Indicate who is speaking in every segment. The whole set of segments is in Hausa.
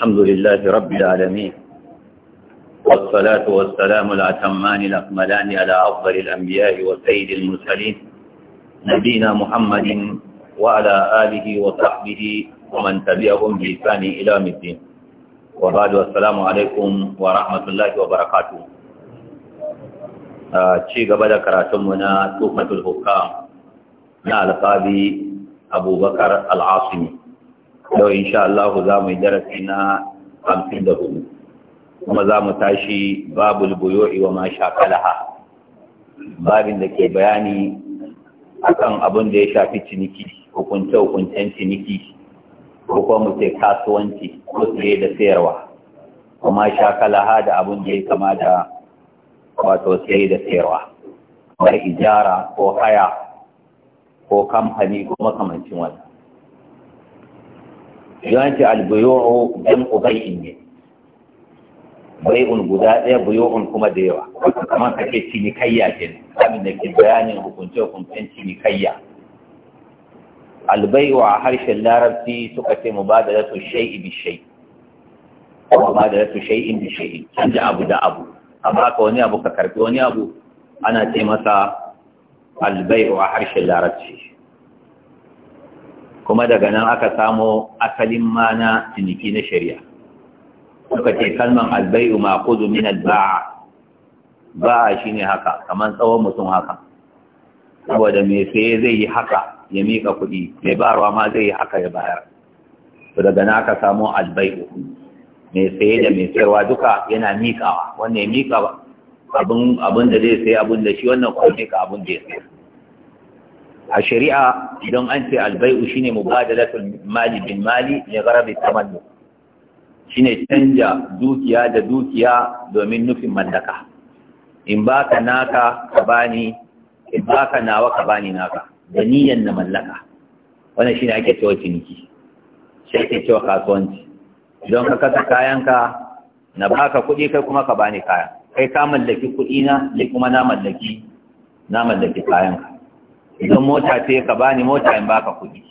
Speaker 1: الحمد لله رب العالمين والصلاة والسلام الأتمان الأكملان على أفضل الأنبياء وسيد المرسلين نبينا محمد وعلى آله وصحبه ومن تبعهم بإحسان إلى يوم الدين وبعد والسلام عليكم ورحمة الله وبركاته ci gaba da karatunmu na tufatul hukam na alƙabi abubakar al'asimi yau insha Allah za mu yi darasi na hamsin da hudu kuma za mu tashi babul buyo'i wa ma shakalaha babin da ke bayani akan abin da ya shafi ciniki hukunce-hukuncen ciniki ko kuma mu ce kasuwanci ko tsaye da sayarwa kuma shakalaha da abin da ya kama da wato tsaye da sayarwa mai ijara ko haya ko kamfani ko makamancin wannan yawanci albayo'u dan ubayin ne bai'un guda ɗaya bai'un kuma da yawa kamar kake cinikayya ke ne. abin da ke bayanin hukunce hukuncen cinikayya albai'u a harshen larabci suka ce mu ba da rasu shai'i bi shai kuma ba da rasu shai'in bi shai'i canja abu da abu amma ka wani abu ka karfi wani abu ana ce masa albai'u a harshen larabci kuma daga nan aka samo asalin mana ciniki na shari'a suka ce kalman albai'u ma kudu min alba'a ba'a ne haka kamar tsawon mutum haka saboda mai saye zai yi haka ya mika kuɗi mai barwa ma zai yi haka ya bayar to daga nan aka samo albai'u mai saye da mai sayarwa duka yana mikawa wannan ya mika abin da zai sayi abin da shi wannan kuma mika abin da ya sayar a shari'a idan an ce albai'u shine mubadalatul mali bin mali ya garabi shi shine canja dukiya da dukiya domin nufin mallaka in ka naka ka bani in ka nawa ka bani naka da niyan na mallaka wannan shine ake cewa ciniki shi ake cewa kasuwanci idan ka kasa kayanka na baka kuɗi kai kuma ka bani kaya kai ka mallaki kuɗi na kuma na mallaki kayanka idan mota ce ka bani mota in baka kuɗi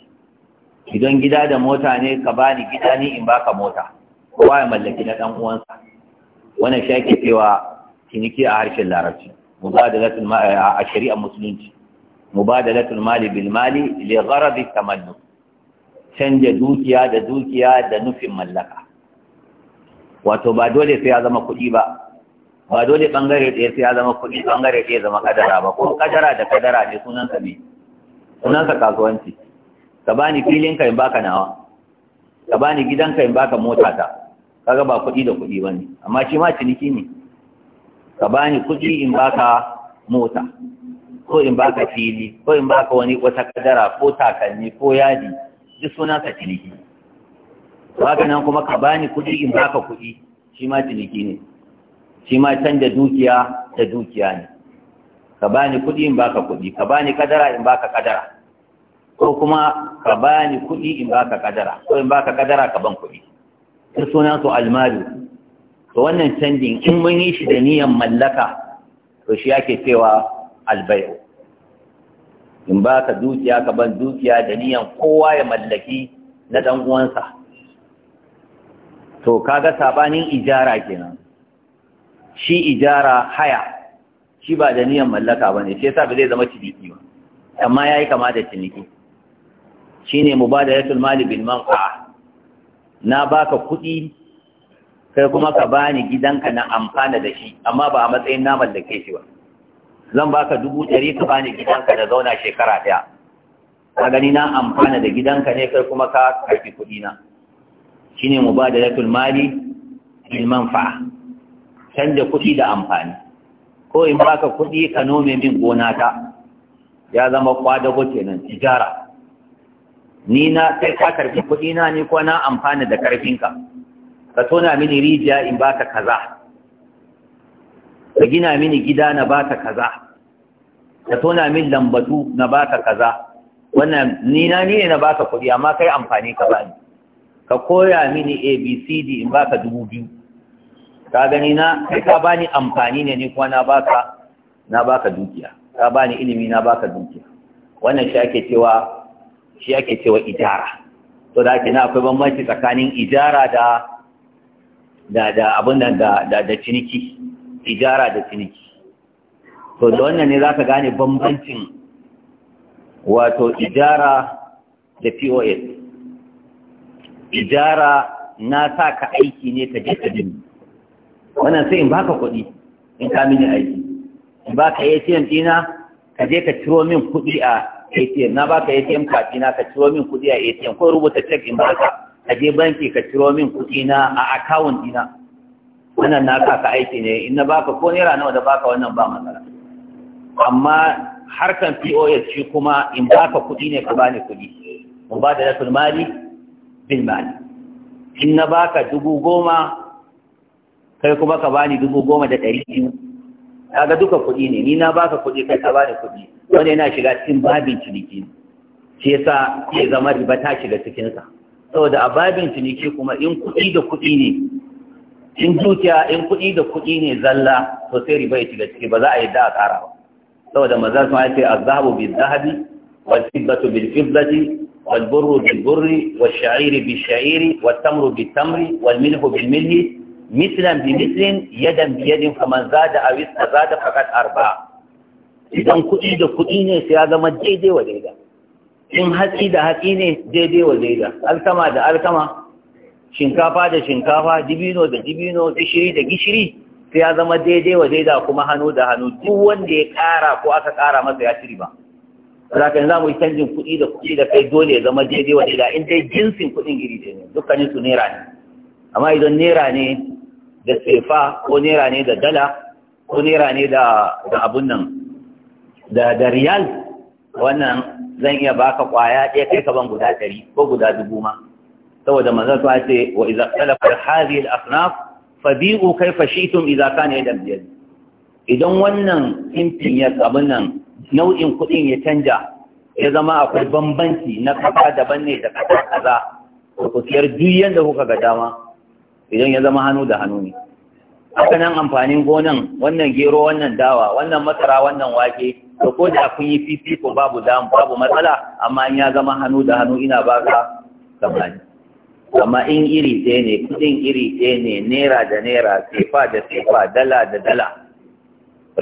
Speaker 1: idan gida da mota ne ka bani gida ni in baka mota kowa ya mallaki na ɗan uwansa wannan shi cewa ciniki a harshen larabci mubadalatul a shari'ar musulunci mubadalatul mali bil mali li gharadi tamannu canja dukiya da dukiya da nufin mallaka wato ba dole sai ya zama kuɗi ba ba dole bangare ɗaya sai ya zama kuɗi bangare ɗaya zama kadara ba ko kadara da kadara ne sunan ka ne sunan ka kasuwanci ka bani filin ka in baka nawa ka bani gidan ka in baka mota ta kaga ba kuɗi da kuɗi bane amma shi ma ciniki ne ka bani kuɗi in baka mota ko in baka fili ko in baka wani wata kadara ko takalmi ko yadi duk sunan ka ciniki haka nan kuma ka bani kuɗi in baka kuɗi shi ma ciniki ne shi ma canja dukiya da dukiya ne ka bani kuɗi in baka kuɗi ka bani kadara in baka kadara ko kuma ka bani kuɗi in baka kadara ko in baka kadara ka ban kuɗi ta sunan su almalu to wannan canjin in mun yi shi da niyan mallaka to shi yake cewa albayu in baka dukiya ka ban dukiya da niyan kowa ya mallaki na ɗan uwansa to kaga sabanin ijara kenan shi ijara haya shi ba da niyan mallaka ba ne shi yasa ba zai zama ciniki ba amma ya yi kama da ciniki shi ne mu ba da ya tulmali bin manfa'a na baka kuɗi kai kuma ka bani gidanka na amfana da shi amma ba a matsayin na mallake shi ba zan baka dubu ɗari ka bani gidanka da zauna shekara ɗaya ka gani na amfana da gidanka ne kai kuma ka karfi kuɗi na Shi ne mu ba da ya tulmali bin manfa'a canja kuɗi da amfani ko in baka kuɗi ka nome min gona ta ya zama kwadago kenan tijara ni na sai ka karfi kuɗi na ni ko na amfana da karfinka ka tona mini rijiya in baka kaza ka gina mini gida na baka kaza ka tona min lambatu na baka kaza wannan ni na ni ne na baka kuɗi amma kai amfani ka bani ka koya mini abcd in baka dubu biyu ka gani na ka bani amfani ne ni kuma na baka na baka dukiya ka bani ilimi na baka dukiya wannan shi ake cewa shi ake cewa ijara to da kina akwai bambanci tsakanin ijara da da da abin nan da da da ciniki ijara da ciniki to da wannan ne zaka gane bambancin wato ijara da POS ijara na sa ka aiki ne ka je ka dinga wannan sai in baka kuɗi in ka mini aiki in baka ATM dina ka je ka ciro min kuɗi a ATM na baka ATM kati na ka ciro min kuɗi a ATM ko rubuta check in baka ka je banki ka ciro min kuɗi na a account dina wannan na ka aiki ne in na baka ko naira nawa da baka wannan ba matsala amma harkan POS shi kuma in baka kuɗi ne ka bani kuɗi mu ba da rasul mali bil mali in na baka dubu goma kai kuma ka bani dubu goma da ɗari biyu kaga duka kuɗi ne ni na baka kuɗi kai ka bani kuɗi wanda yana shiga cikin babin ciniki shi yasa ya zama riba ta shiga cikinsa saboda a babin ciniki kuma in kuɗi da kuɗi ne in dukiya in kuɗi da kuɗi ne zalla to sai riba ya shiga ciki ba za a yi da a ƙara ba saboda maza sun haifi zahabu bil zahabi wal fiddatu bil fiddati wal burru bil burri wal sha'iri bi sha'iri wa tamru bil tamri wal milhu bil milhi mislan bi mislin yadan bi yadin faman zada aw istazada faqad arba idan kuɗi da kuɗi ne sai ya zama daidai wa daida in haki da haki ne daidai wa daida alkama da alkama shinkafa da shinkafa dibino da dibino gishiri da gishiri sai ya zama daidai wa daida kuma hannu da hannu duk wanda ya ƙara ko aka ƙara masa ya tiri ba zaka za mu yi canjin kuɗi da kuɗi da kai dole ya zama daidai wa daida in dai jinsin kuɗin giri ne dukkanin su naira ne amma idan naira ne da sefa ko nera ne da dala ko nera ne da abun nan da da riyal wannan zan iya baka kwaya ɗaya kai ka ban guda ɗari ko guda dubu ma saboda manzon sa ce wa idza talafa hadhihi al-asnaf fabi'u kayfa shi'tum idza kana yadan biyad idan wannan intin ya abun nan nau'in kuɗin ya canja ya zama akwai bambanci na kafa daban ne da kafa kaza ku siyar duk da kuka ga dama idan ya zama hannu da hannu ne haka nan amfanin gonan wannan gero wannan dawa wannan masara wannan wake to ko da kun yi fifiko babu damu babu matsala amma in ya zama hannu da hannu ina ka kamani amma in iri ɗaya ne kuɗin iri ɗaya ne naira da naira sefa da sefa dala da dala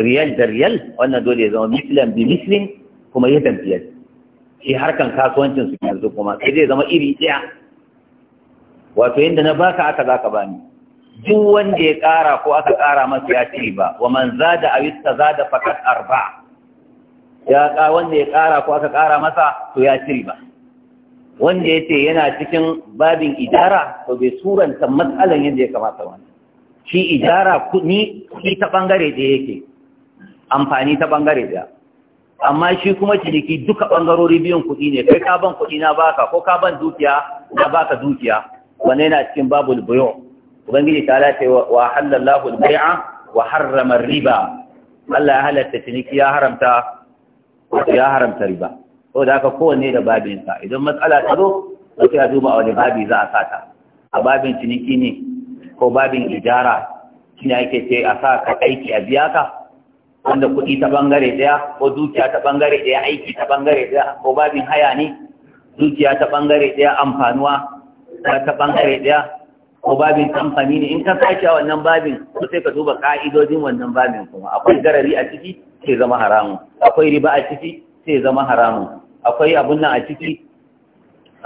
Speaker 1: riyal da riyal wannan dole ya zama Mislin bi mislin kuma ya tamfiyar shi harkan kasuwancin su yanzu kuma sai zai zama iri ɗaya wato yadda na baka aka za ka bani duk wanda ya kara ko aka kara masa ya ci ba? wa man zada a wista zada fakat arba ya ka wanda ya kara ko aka kara masa to ya ci ba. wanda ya ce yana cikin babin ijara to bai suranta matsalan yadda ya kamata wani shi ijara ni shi ta ɓangare ɗaya yake amfani ta bangare ɗaya amma shi kuma ciniki duka bangarori biyun kuɗi ne kai ka ban kuɗi na baka ko ka ban dukiya na baka dukiya wanne yana cikin babul buyo ubangiji ta ala ce wa halallahu al-bai'a wa harrama riba Allah ya halatta ciniki ya haramta ya haramta riba ko da haka kowanne da babinsa idan matsala ta zo sai a duba a wani babi za a sata a babin ciniki ne ko babin ijara shine ake ce a sa ka aiki a biya ka wanda kuɗi ta ɓangare ɗaya ko dukiya ta ɓangare ɗaya aiki ta ɓangare ɗaya ko babin haya ne dukiya ta ɓangare ɗaya amfanuwa ta bangare daya ko babin kamfani ne in ka sake a wannan babin ko sai ka duba ka'idojin wannan babin kuma akwai garari a ciki sai zama haramun akwai riba a ciki sai zama haramun akwai abun nan a ciki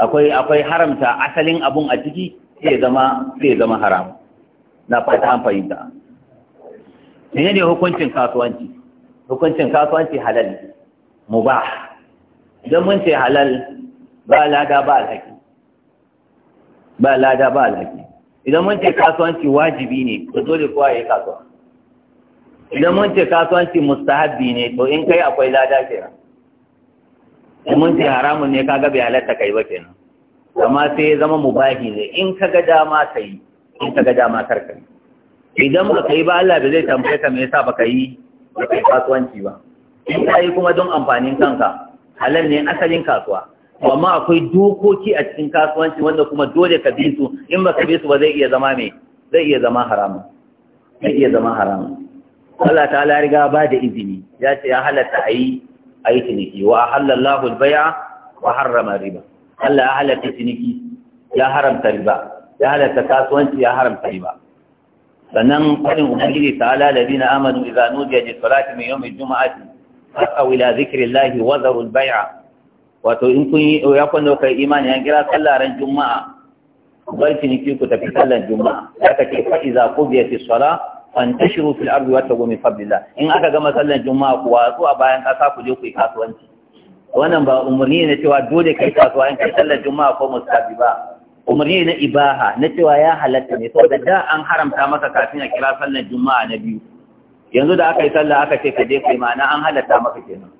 Speaker 1: akwai akwai haramta asalin abun a ciki sai zama sai zama haramun na fata an fahimta ne ne hukuncin kasuwanci hukuncin kasuwanci halal mubah idan mun ce halal ba lada ba alhaki ba lada ba alhaki idan mun ce kasuwanci wajibi ne to dole kowa ya yi kasuwa idan mun ce kasuwanci mustahabbi ne to in kai akwai lada kenan in mun ce haramun ne kaga bai halatta kai ba kenan amma sai ya zama mubahi ne in ka ga dama ka yi, in ka ga dama kar yi idan ba yi ba Allah bai zai tambaye ka me yasa baka yi ba kai kasuwanci ba in ka yi kuma don amfanin kanka halal ne asalin kasuwa amma akwai dokoki a cikin kasuwanci wanda kuma dole ka bi su in ba ka bi su ba zai iya zama me zai iya zama haramun zai iya zama haramun Allah ta'ala riga ba da izini ya ce ya halatta a yi ciniki wa halallahu al-bai'a wa harrama riba Allah ya halatta ciniki ya haramta riba ya halatta kasuwanci ya haramta riba sannan kwarin ubangiji ta'ala ladina amanu idza nudiya li mai min mai Juma'a jumati fa'aw ila dhikri llahi wa baia wato in kun yi ya kwanda kai imani ya kira sallah ran juma'a bar ciniki ku tafi sallan juma'a aka ce fa iza qudiyat as-sala fantashiru fil ardi wabtagu min fadlillah in aka gama sallan juma'a ku watsu a bayan kasa ku je ku yi kasuwanci wannan ba umarni ne cewa dole kai kasuwa in kai sallan juma'a ko mustabi ba umarni na ibaha na cewa ya halatta ne saboda da an haramta maka kafin a kira sallan juma'a na biyu yanzu da aka yi sallah aka ce ka je kai ma'ana an halatta maka kenan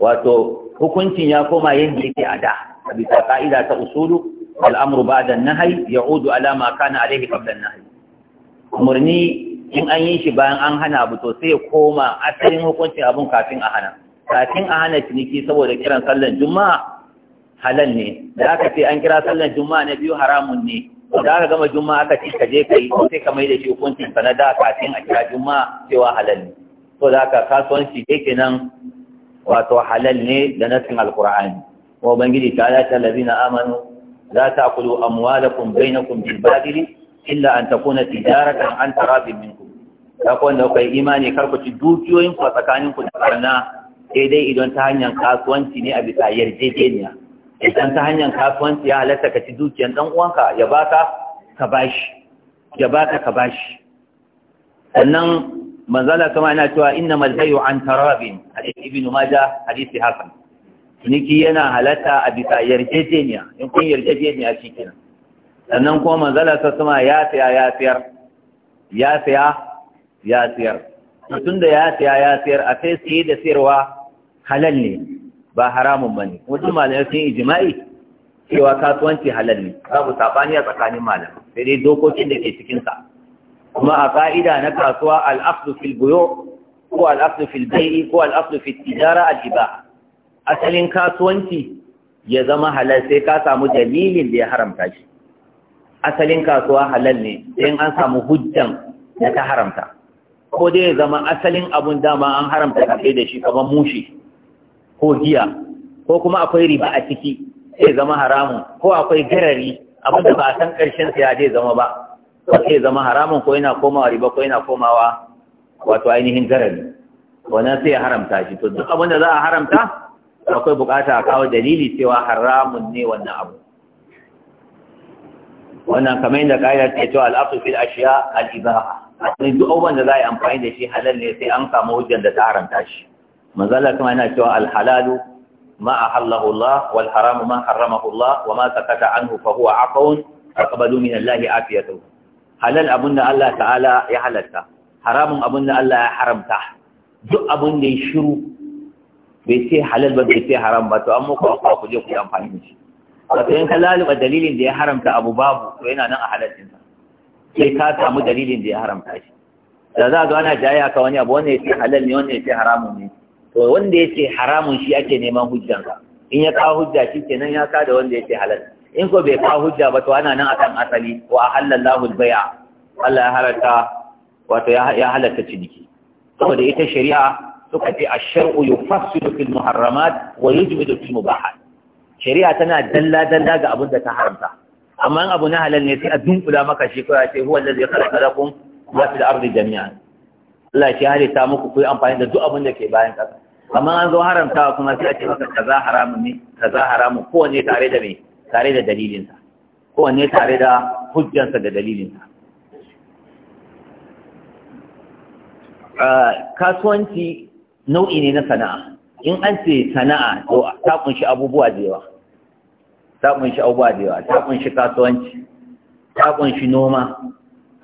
Speaker 1: wato hukuncin ya koma yadda yake a da a bisa ka'ida ta usulu ba da nahi Yahudu udu alama kana alaihi qabla nahai Murni in an yi shi bayan an hana abu to sai ya koma asalin hukuncin abun kafin a hana kafin a hana ciniki saboda kiran sallan juma'a halal ne da aka ce an kira sallan juma'a na biyu haramun ne da aka gama juma'a aka ci ka je ka yi sai ka mai da shi hukuncin ka da kafin a kira juma'a cewa halal ne to da aka kasuwanci kenan wato halal ne da nasin alkur'ani wa ubangiji ta ala na amanu la ta'kulu amuwa bainakum bil badili illa an takuna tijaratan an tarabin minkum ta ko kai imani kar ci dukiyoyin ku tsakanin ku da karna sai dai idan ta hanyar kasuwanci ne a bisa yarjejeniya idan ta hanyar kasuwanci ya halatta ka ci dukiyan dan uwanka ya baka ka bashi ya baka ka bashi sannan manzala kama yana cewa inna malbayu an tarabin hadith ibn majah hadisi hasan niki yana halatta a bisa yarjejeniya in kun yarjejeniya shi kenan sannan kuma manzala ta sama ya tsaya ya sayar ya tsaya ya tun da ya tsaya ya sayar a sai saye da sayarwa halal ne ba haramun bane wajen malamai sun ijma'i cewa kasuwanci halal ne babu sabani a tsakanin malamai sai dai dokokin da ke cikin sa kuma a ka'ida na kasuwa al'aqdu fil buyu ko al'aqdu fil bai'i ko al'aqdu tijara al asalin kasuwanci ya zama halal sai ka samu dalilin da ya haramta shi asalin kasuwa halal ne sai an samu hujjan da ta haramta ko dai ya zama asalin abun dama an haramta kafe da shi kamar mushi ko giya ko kuma akwai riba a ciki sai zama haramun ko akwai garari abin da ba a san ƙarshen sa ya zai zama ba wasu ya zama haramun ko yana komawa riba ko yana komawa wato ainihin garari wannan sai ya haramta shi to duk abin da za a haramta akwai bukata a kawo dalili cewa haramun ne wannan abu wannan kamar yadda ka'ida ta cewa al'afu fil ashiya al'ibaha. ibaha ne duk abubuwan da za a yi amfani da shi halal ne sai an samu hujjar da ta haramta shi manzala kuma yana cewa alhalalu, halalu ma ahallahu Allah wal haramu ma haramahu Allah wa ma sakata anhu fa huwa afawun aqbalu min Allah afiyatahu halal abin da Allah ta'ala ya halatta haramun abin da Allah ya haramta duk abin da ya shiru bai ce halal ba bai ce haram ba to amma ko ku je ku yi amfani da shi wato in ka laluba dalilin da ya haramta abu babu to yana nan a halalcin sai ka samu dalilin da ya haramta shi da za a ga ana jaya ka wani abu wanda ya ce halal ne wanda ya ce haramun ne to wanda ya ce haramun shi ake neman hujjansa in ya kawo hujja shi kenan ya da wanda ya ce halal in ko bai kawo hujja ba to ana nan akan asali wa halallahu bai'a Allah ya halarta wato ya halarta ciniki saboda ita shari'a suka ce ash-shar'u yufassilu fil muharramat wa yujmidu fil mubahat shari'a tana dalla dalla ga abin da ta haramta amma in abu na halal ne sai a dunkula maka shi ko kawai sai huwa allazi khalaqa lakum ma fil ardi jami'an Allah ya halitta muku ku yi amfani da duk abin da ke bayan kasa amma an zo haramtawa kuma sai a ce maka kaza haramun ne kaza haramun kowanne tare da me tare da dalilinsa kowanne tare da hujjansa da dalilinsa ah, kasuwanci nau'i ne na sana'a in an ce sana'a to ta kunshi abubuwa da yawa ta kunshi abubuwa da yawa ta kunshi kasuwanci ta kunshi noma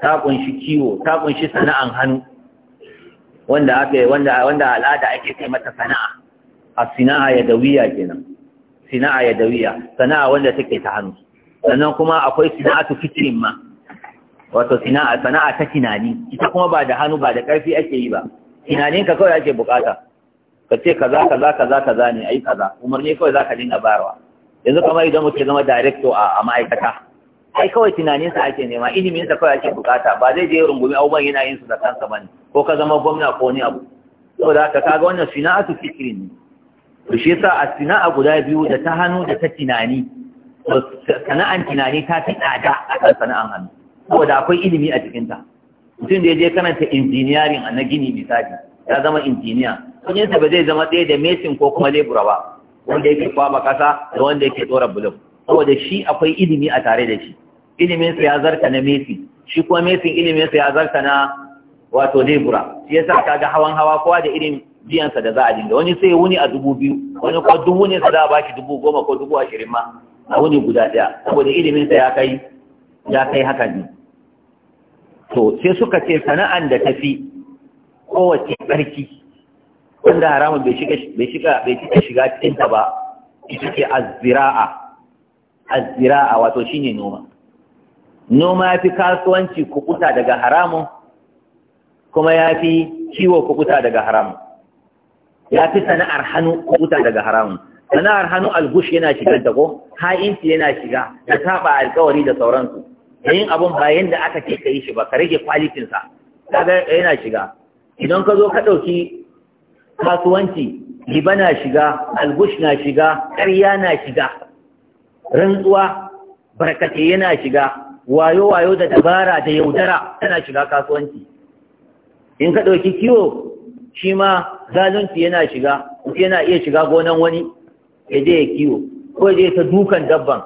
Speaker 1: ta kunshi kiwo ta kunshi sana'an hannu wanda al'ada ake kai mata sana'a as ya dawiya kenan sina'a yadawiya sana'a wanda take ta hannu sannan kuma akwai sina'atu fitrin ma wato sina'a sana'a ta tunani ita kuma ba da hannu ba da ƙarfi ake yi ba tunanin ka kawai ake bukata ka ce kaza kaza kaza kaza ne ayi kaza umarni kawai zaka dinga barawa yanzu kamar idan muke zama director a ma'aikata ai kawai tunaninsa ake nema iliminsa kawai ake bukata ba zai je rungumi abubuwan yana yin su da kansa bane ko ka zama gwamna ko wani abu saboda haka kaga wannan sana'a ta ne to shi yasa a sana'a guda biyu da ta hannu da ta tunani sana'an tunani ta fi tsada a kan sana'an hannu saboda akwai ilimi a cikinta mutum da ya je karanta injiniyarin a na gini misali ya zama injiniya kudinsa ba zai zama ɗaya da mesin ko kuma lebura ba wanda yake kwaba kasa da wanda yake tsora bulon saboda shi akwai ilimi a tare da shi sa ya zarta na mesi shi kuma mesin iliminsa ya zarta na wato lebura shi yasa ga hawan hawa kowa da irin biyansa da za a dinga wani sai wuni a dubu biyu wani kuma duk wuni sa za a bashi dubu goma ko dubu ashirin ma a wuni guda ɗaya saboda ilimin sa ya kai haka ne to sai suka ce sana'an da tafi kowace tsarki wanda haramun bai shiga bai shiga bai cika shiga cikin ta ba ita ce azira'a azira'a wato shine noma noma ya fi kasuwanci kukuta daga haramun kuma ya fi ciwo kukuta daga haramun ya fi sana'ar hannu wuta daga haramun sana'ar hannu algush yana shigar da ko ha'inci yana shiga da saba alkawari da sauransu yayin abun bayan da aka ce ka yi shi ba ka rage kwalitinsa kaga yana shiga idan ka zo ka ɗauki kasuwanci riba na shiga algush na shiga ƙarya na shiga rantsuwa barkate yana shiga wayo-wayo da dabara da yaudara tana shiga kasuwanci in ka ɗauki kiwo shi ma zalunci yana shiga yana iya shiga gonan wani ya je ya kiwo ko ya je ta dukan dabban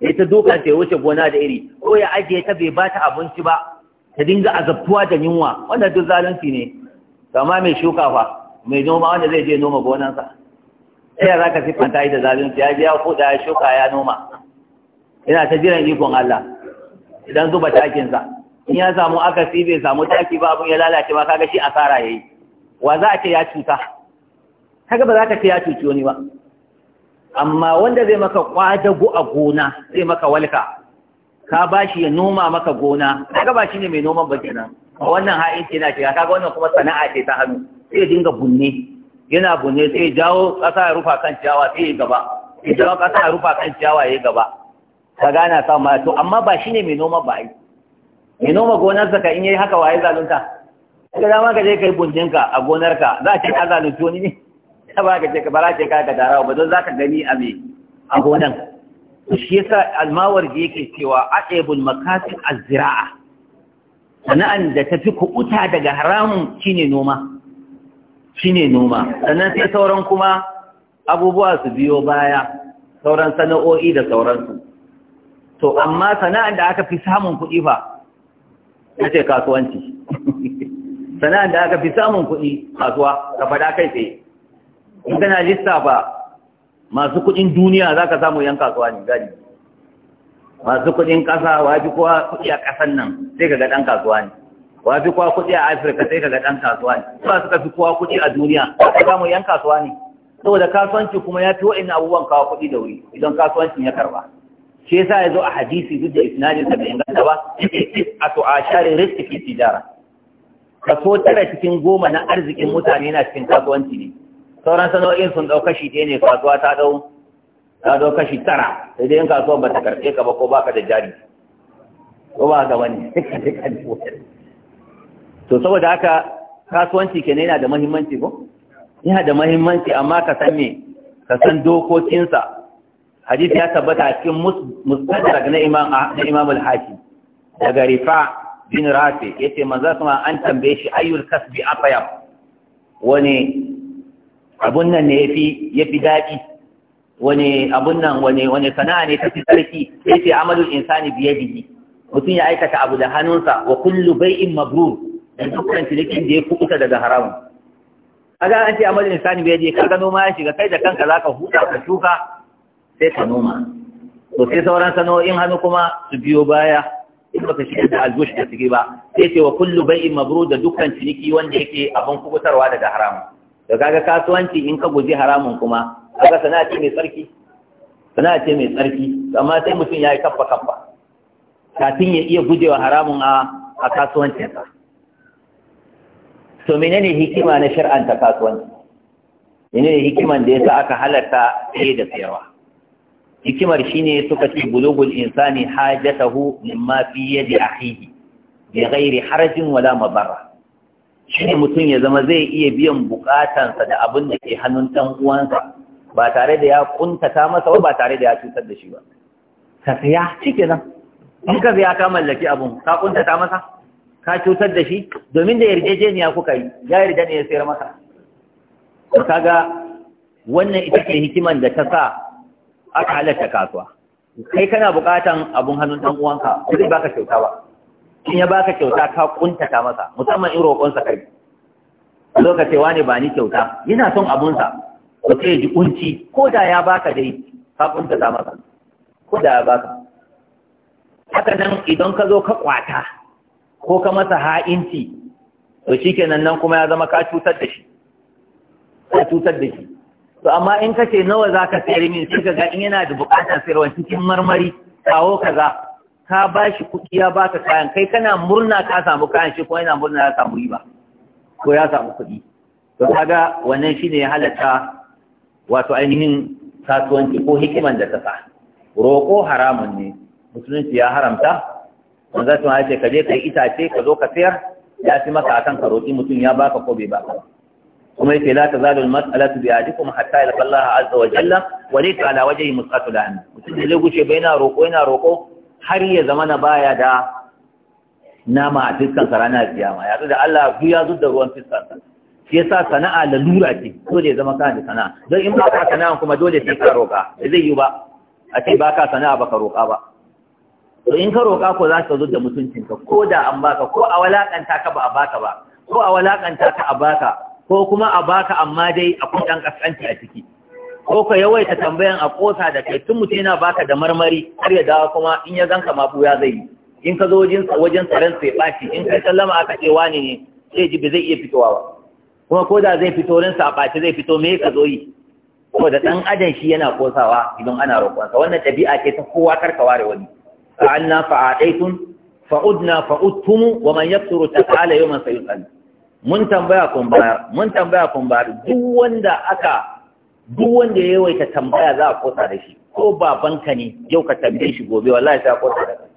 Speaker 1: ya ta dukan ta wuce gona da iri ko ya ajiye ta bai bata abinci ba ta dinga azabtuwa da yunwa wannan duk zalunci ne kama mai shuka fa mai noma wanda zai je noma gonansa sai ya zaka siffanta yi da zalunci ya je ya kuɗa ya shuka ya noma yana ta jiran ikon Allah idan zuba takinsa in ya samu akasi bai samu taki ba abin ya lalace ba, kaga shi asara yayi wa za a ce ya cuta kaga ba za ka ce ya cuci wani ba amma wanda zai maka kwadago a gona zai maka walka ka ba shi ya noma maka gona kaga ba shi ne mai noman ba kenan a wannan ha'in ce na shiga kaga wannan kuma sana'a ce ta hannu sai dinga bunne yana bunne sai jawo ƙasa ya rufa kan ciyawa sai ya gaba sai jawo ƙasa ya rufa kan ciyawa ya gaba ka gana sa ma to amma ba shi ne mai noman ba ai mai noma gonarsa ka in yi haka waye zalunta da dama ka je kai a gonarka za a ce ka zalunci wani ne ka ba ka je ka bara ce ka ka dara ba don za ka gani a me a gonan shi yasa almawar da yake cewa aibul makasin az sana'an da ta fi kuɓuta daga haramun shine noma shine noma sannan sai sauran kuma abubuwa su biyo baya sauran sana'o'i da sauransu to amma sana'an da aka fi samun kuɗi fa ita ce kasuwanci sana'ar da aka fi samun kuɗi kasuwa ka faɗa kai tsaye in kana lissafa masu kuɗin duniya za ka samu yan kasuwa ne gani masu kuɗin ƙasa wafi kowa kuɗi a ƙasan nan sai ka ga ɗan kasuwa ne wafi kowa kuɗi a afirka sai ka ga ɗan kasuwa ne ba suka fi kowa kuɗi a duniya za ka samu yan kasuwa ne saboda kasuwanci kuma ya fi wa'in abubuwan kawo kuɗi da wuri idan kasuwancin ya karba shi yasa ya zo a hadisi duk da isnadin sa bai inganta ba a to a share rikki fi tijara kaso tara cikin goma na arzikin mutane na cikin kasuwanci ne sauran sana'o'in sun ɗau kashi ɗaya ne kasuwa ta ɗau ta ɗau kashi tara sai dai in kasuwa ba ta karɓe ka ba ko ka da jari ko ba ga wani to saboda haka kasuwanci kenan yana da muhimmanci ko yana da muhimmanci amma ka san me ka san dokokinsa hadisi ya tabbata cikin musnad na imam na imam al-hakim daga rifa bin rafi ya ce maza kuma an tambaye shi ayyul kasbi afaya wani abun nan ne ya fi daɗi wani abun nan wani sana'a ne ta fi sarki ya ce amalin insani biye biyi mutum ya aikata abu da hannunsa wa kullu bai'in mabrur da dukkan cinikin da ya kuɓuta daga haramun kaga an ce amalin insani biye biyi kaga noma ya shiga kai da kanka zaka huta ka shuka sai ka noma to sai sauran sana'o'in hannu kuma su biyo baya in baka shi da aljush da suke ba sai ce wa kullu bai'in mabrur da dukkan ciniki wanda yake abin kubutarwa daga haramun. da kaga kasuwanci in ka guji haramun kuma kaga sana'a ce mai tsarki sana'a ce mai tsarki amma sai mutum ya yi kaffa kaffa kafin ya iya gujewa haramun a a kasuwancinsa to menene hikima na shar'anta kasuwanci menene hikiman da yasa aka halarta sai da sayarwa hikimar shine suka ce bulugul insani hajatahu mimma fi yadi akhihi bi ghairi harajin wala Shi shine mutum ya zama zai iya biyan bukatansa da abin da ke hannun dan uwansa ba tare da ya kuntata masa ba tare da ya cutar da shi ba ka saya cike nan in ka saya ka mallaki abun ka kuntata masa ka cutar da shi domin da yarjejeniya kuka yi ya yarda ne ya sayar masa kaga wannan ita ce hikiman da ta sa aka halatta kasuwa kai kana bukatan abun hannun dan uwanka zai baka kyauta ba kin ya baka kyauta ka kuntata masa musamman in roƙonsa kai lokaci wani ba ni kyauta yana son sa ko sai ji kunci ko da ya baka dai ka kuntata masa ko da ya baka haka nan idan ka zo ka kwata ko ka masa ha'inci to shikenan nan kuma ya zama ka cutar da shi ka cutar da shi to amma in ka ce nawa za ka sayar min sai ka ga in yana da bukatar sayarwa cikin marmari kawo kaza ka ba shi kuɗi ya baka kayan kai kana murna ka samu kayan shi kuma yana murna ya samu riba ko ya samu kuɗi to kaga wannan shine ya halatta wato ainihin kasuwanci ko hikiman da ta sa roƙo haramun ne musulunci ya haramta wanda zai ce ka je ka yi itace ka zo ka sayar ya fi maka akan ka roƙi mutum ya baka ko bai baka kuma yake la ta zalul masalatu bi adikum hatta ila Allah azza wa jalla wa laysa ala wajhi musqatu la'an mutum zai guce bai roko yana roko har ya zama na baya da nama a fiskan sa ranar kiyama ya da Allah biya zu da ruwan fiskan sa shi yasa sana'a lura ce dole ya zama kana da sana'a don in ba ka sana'a kuma dole sai ka roka zai yi ba a ce ba ka sana'a ba ka roka ba to in ka roƙa ko za ka zo da mutuncinka ko da an baka ko a walakanta ka ba a baka ba ko a walakanta ka a baka ko kuma a baka amma dai akwai ɗan ƙasƙanci a ciki ko ka yawaita tambayan a ƙosa da kai tun mutum yana baka da marmari har ya dawo kuma in ya zanka ma ya zai yi in ka zo wajen tsaron sai ɓaci in kai sallama aka ce wani ne sai ji ba zai iya fitowa ba kuma ko da zai fito rinsa a ɓaci zai fito me ka zo yi Ko da ɗan adam shi yana ƙosawa, idan ana roƙonsa wannan ɗabi'a ce ta kowa karka ware wani Fa'ud fa'adaitun fa'udna fa'udtumu wa man yaqturu ta'ala yawman sayusal mun tambaya kun bayar mun tambaya kun bayar duk wanda aka duk wanda ya yawaita tambaya za a kosa da shi ko babanka ne yau ka tambaye shi gobe wallahi sai a kosa da kai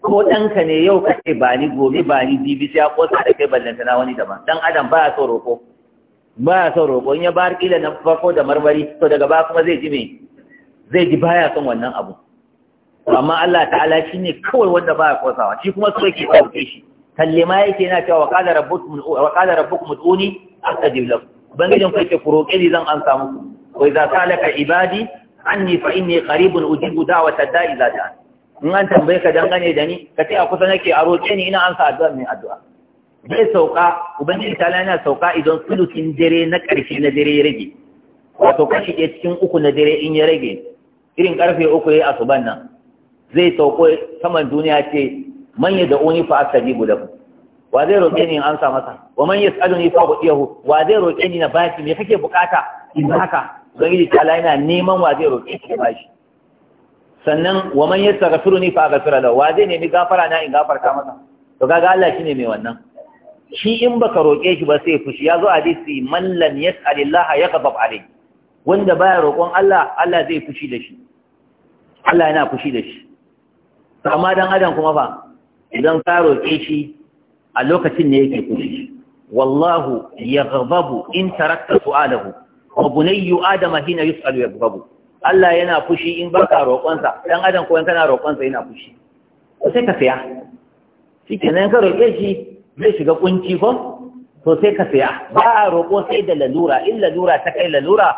Speaker 1: ko ɗanka ne yau ka ce ba ni gobe ba ni bibi sai a kosa da kai ballanta na wani daban dan adam baya so roƙo baya so roƙo in ya bar kila na farko da marmari to daga baya kuma zai ji me zai ji baya son wannan abu amma Allah ta'ala shine kawai wanda baya kosawa shi kuma so yake ɗauke shi kallima yake yana cewa wa qala rabbukum wa qala rabbukum ud'uni astajib lakum ubangijin ku yake ku roƙe ni zan amsa muku wa idza salaka ibadi anni fa inni qaribun ujibu da'wata da'i idza da'a in an tambaye ka dangane da ni ka ce a kusa nake a roƙe ni ina amsa addu'a mai addu'a zai sauka ubangiji ta na sauka idan sulukin dare na ƙarshe na dare ya rage wato kashi ɗaya cikin uku na dare in ya rage irin ƙarfe uku ya yi asuban nan zai sauko saman duniya ce man yad'uni fa astajibu ku? wa zai roƙe ni in amsa masa wa man ni fa hu wa zai roƙe ni na bashi me kake bukata in haka yi ta laina neman wa zai roƙe shi bashi sannan wa man ni fa aghfira lahu wa zai nemi gafara na in gafarta masa to kaga Allah shine mai wannan shi in baka roƙe shi ba sai fushi ya zo a hadisi man lam yas'alillaha yaghdab alai wanda baya roƙon Allah Allah zai fushi da shi Allah yana fushi da shi amma dan adam kuma fa idan ka roƙe shi a lokacin ne yake kushi wallahu ya yaghdabu in tarakta su'alahu wa bunayyu adama hina yus'alu yaghdabu Allah yana fushi in baka roƙonsa dan adam ko in kana roƙonsa yana fushi to sai ka saya shikenan ka roƙe shi zai shiga kunci ko to sai ka saya ba a roƙo sai da lalura in lalura ta kai lalura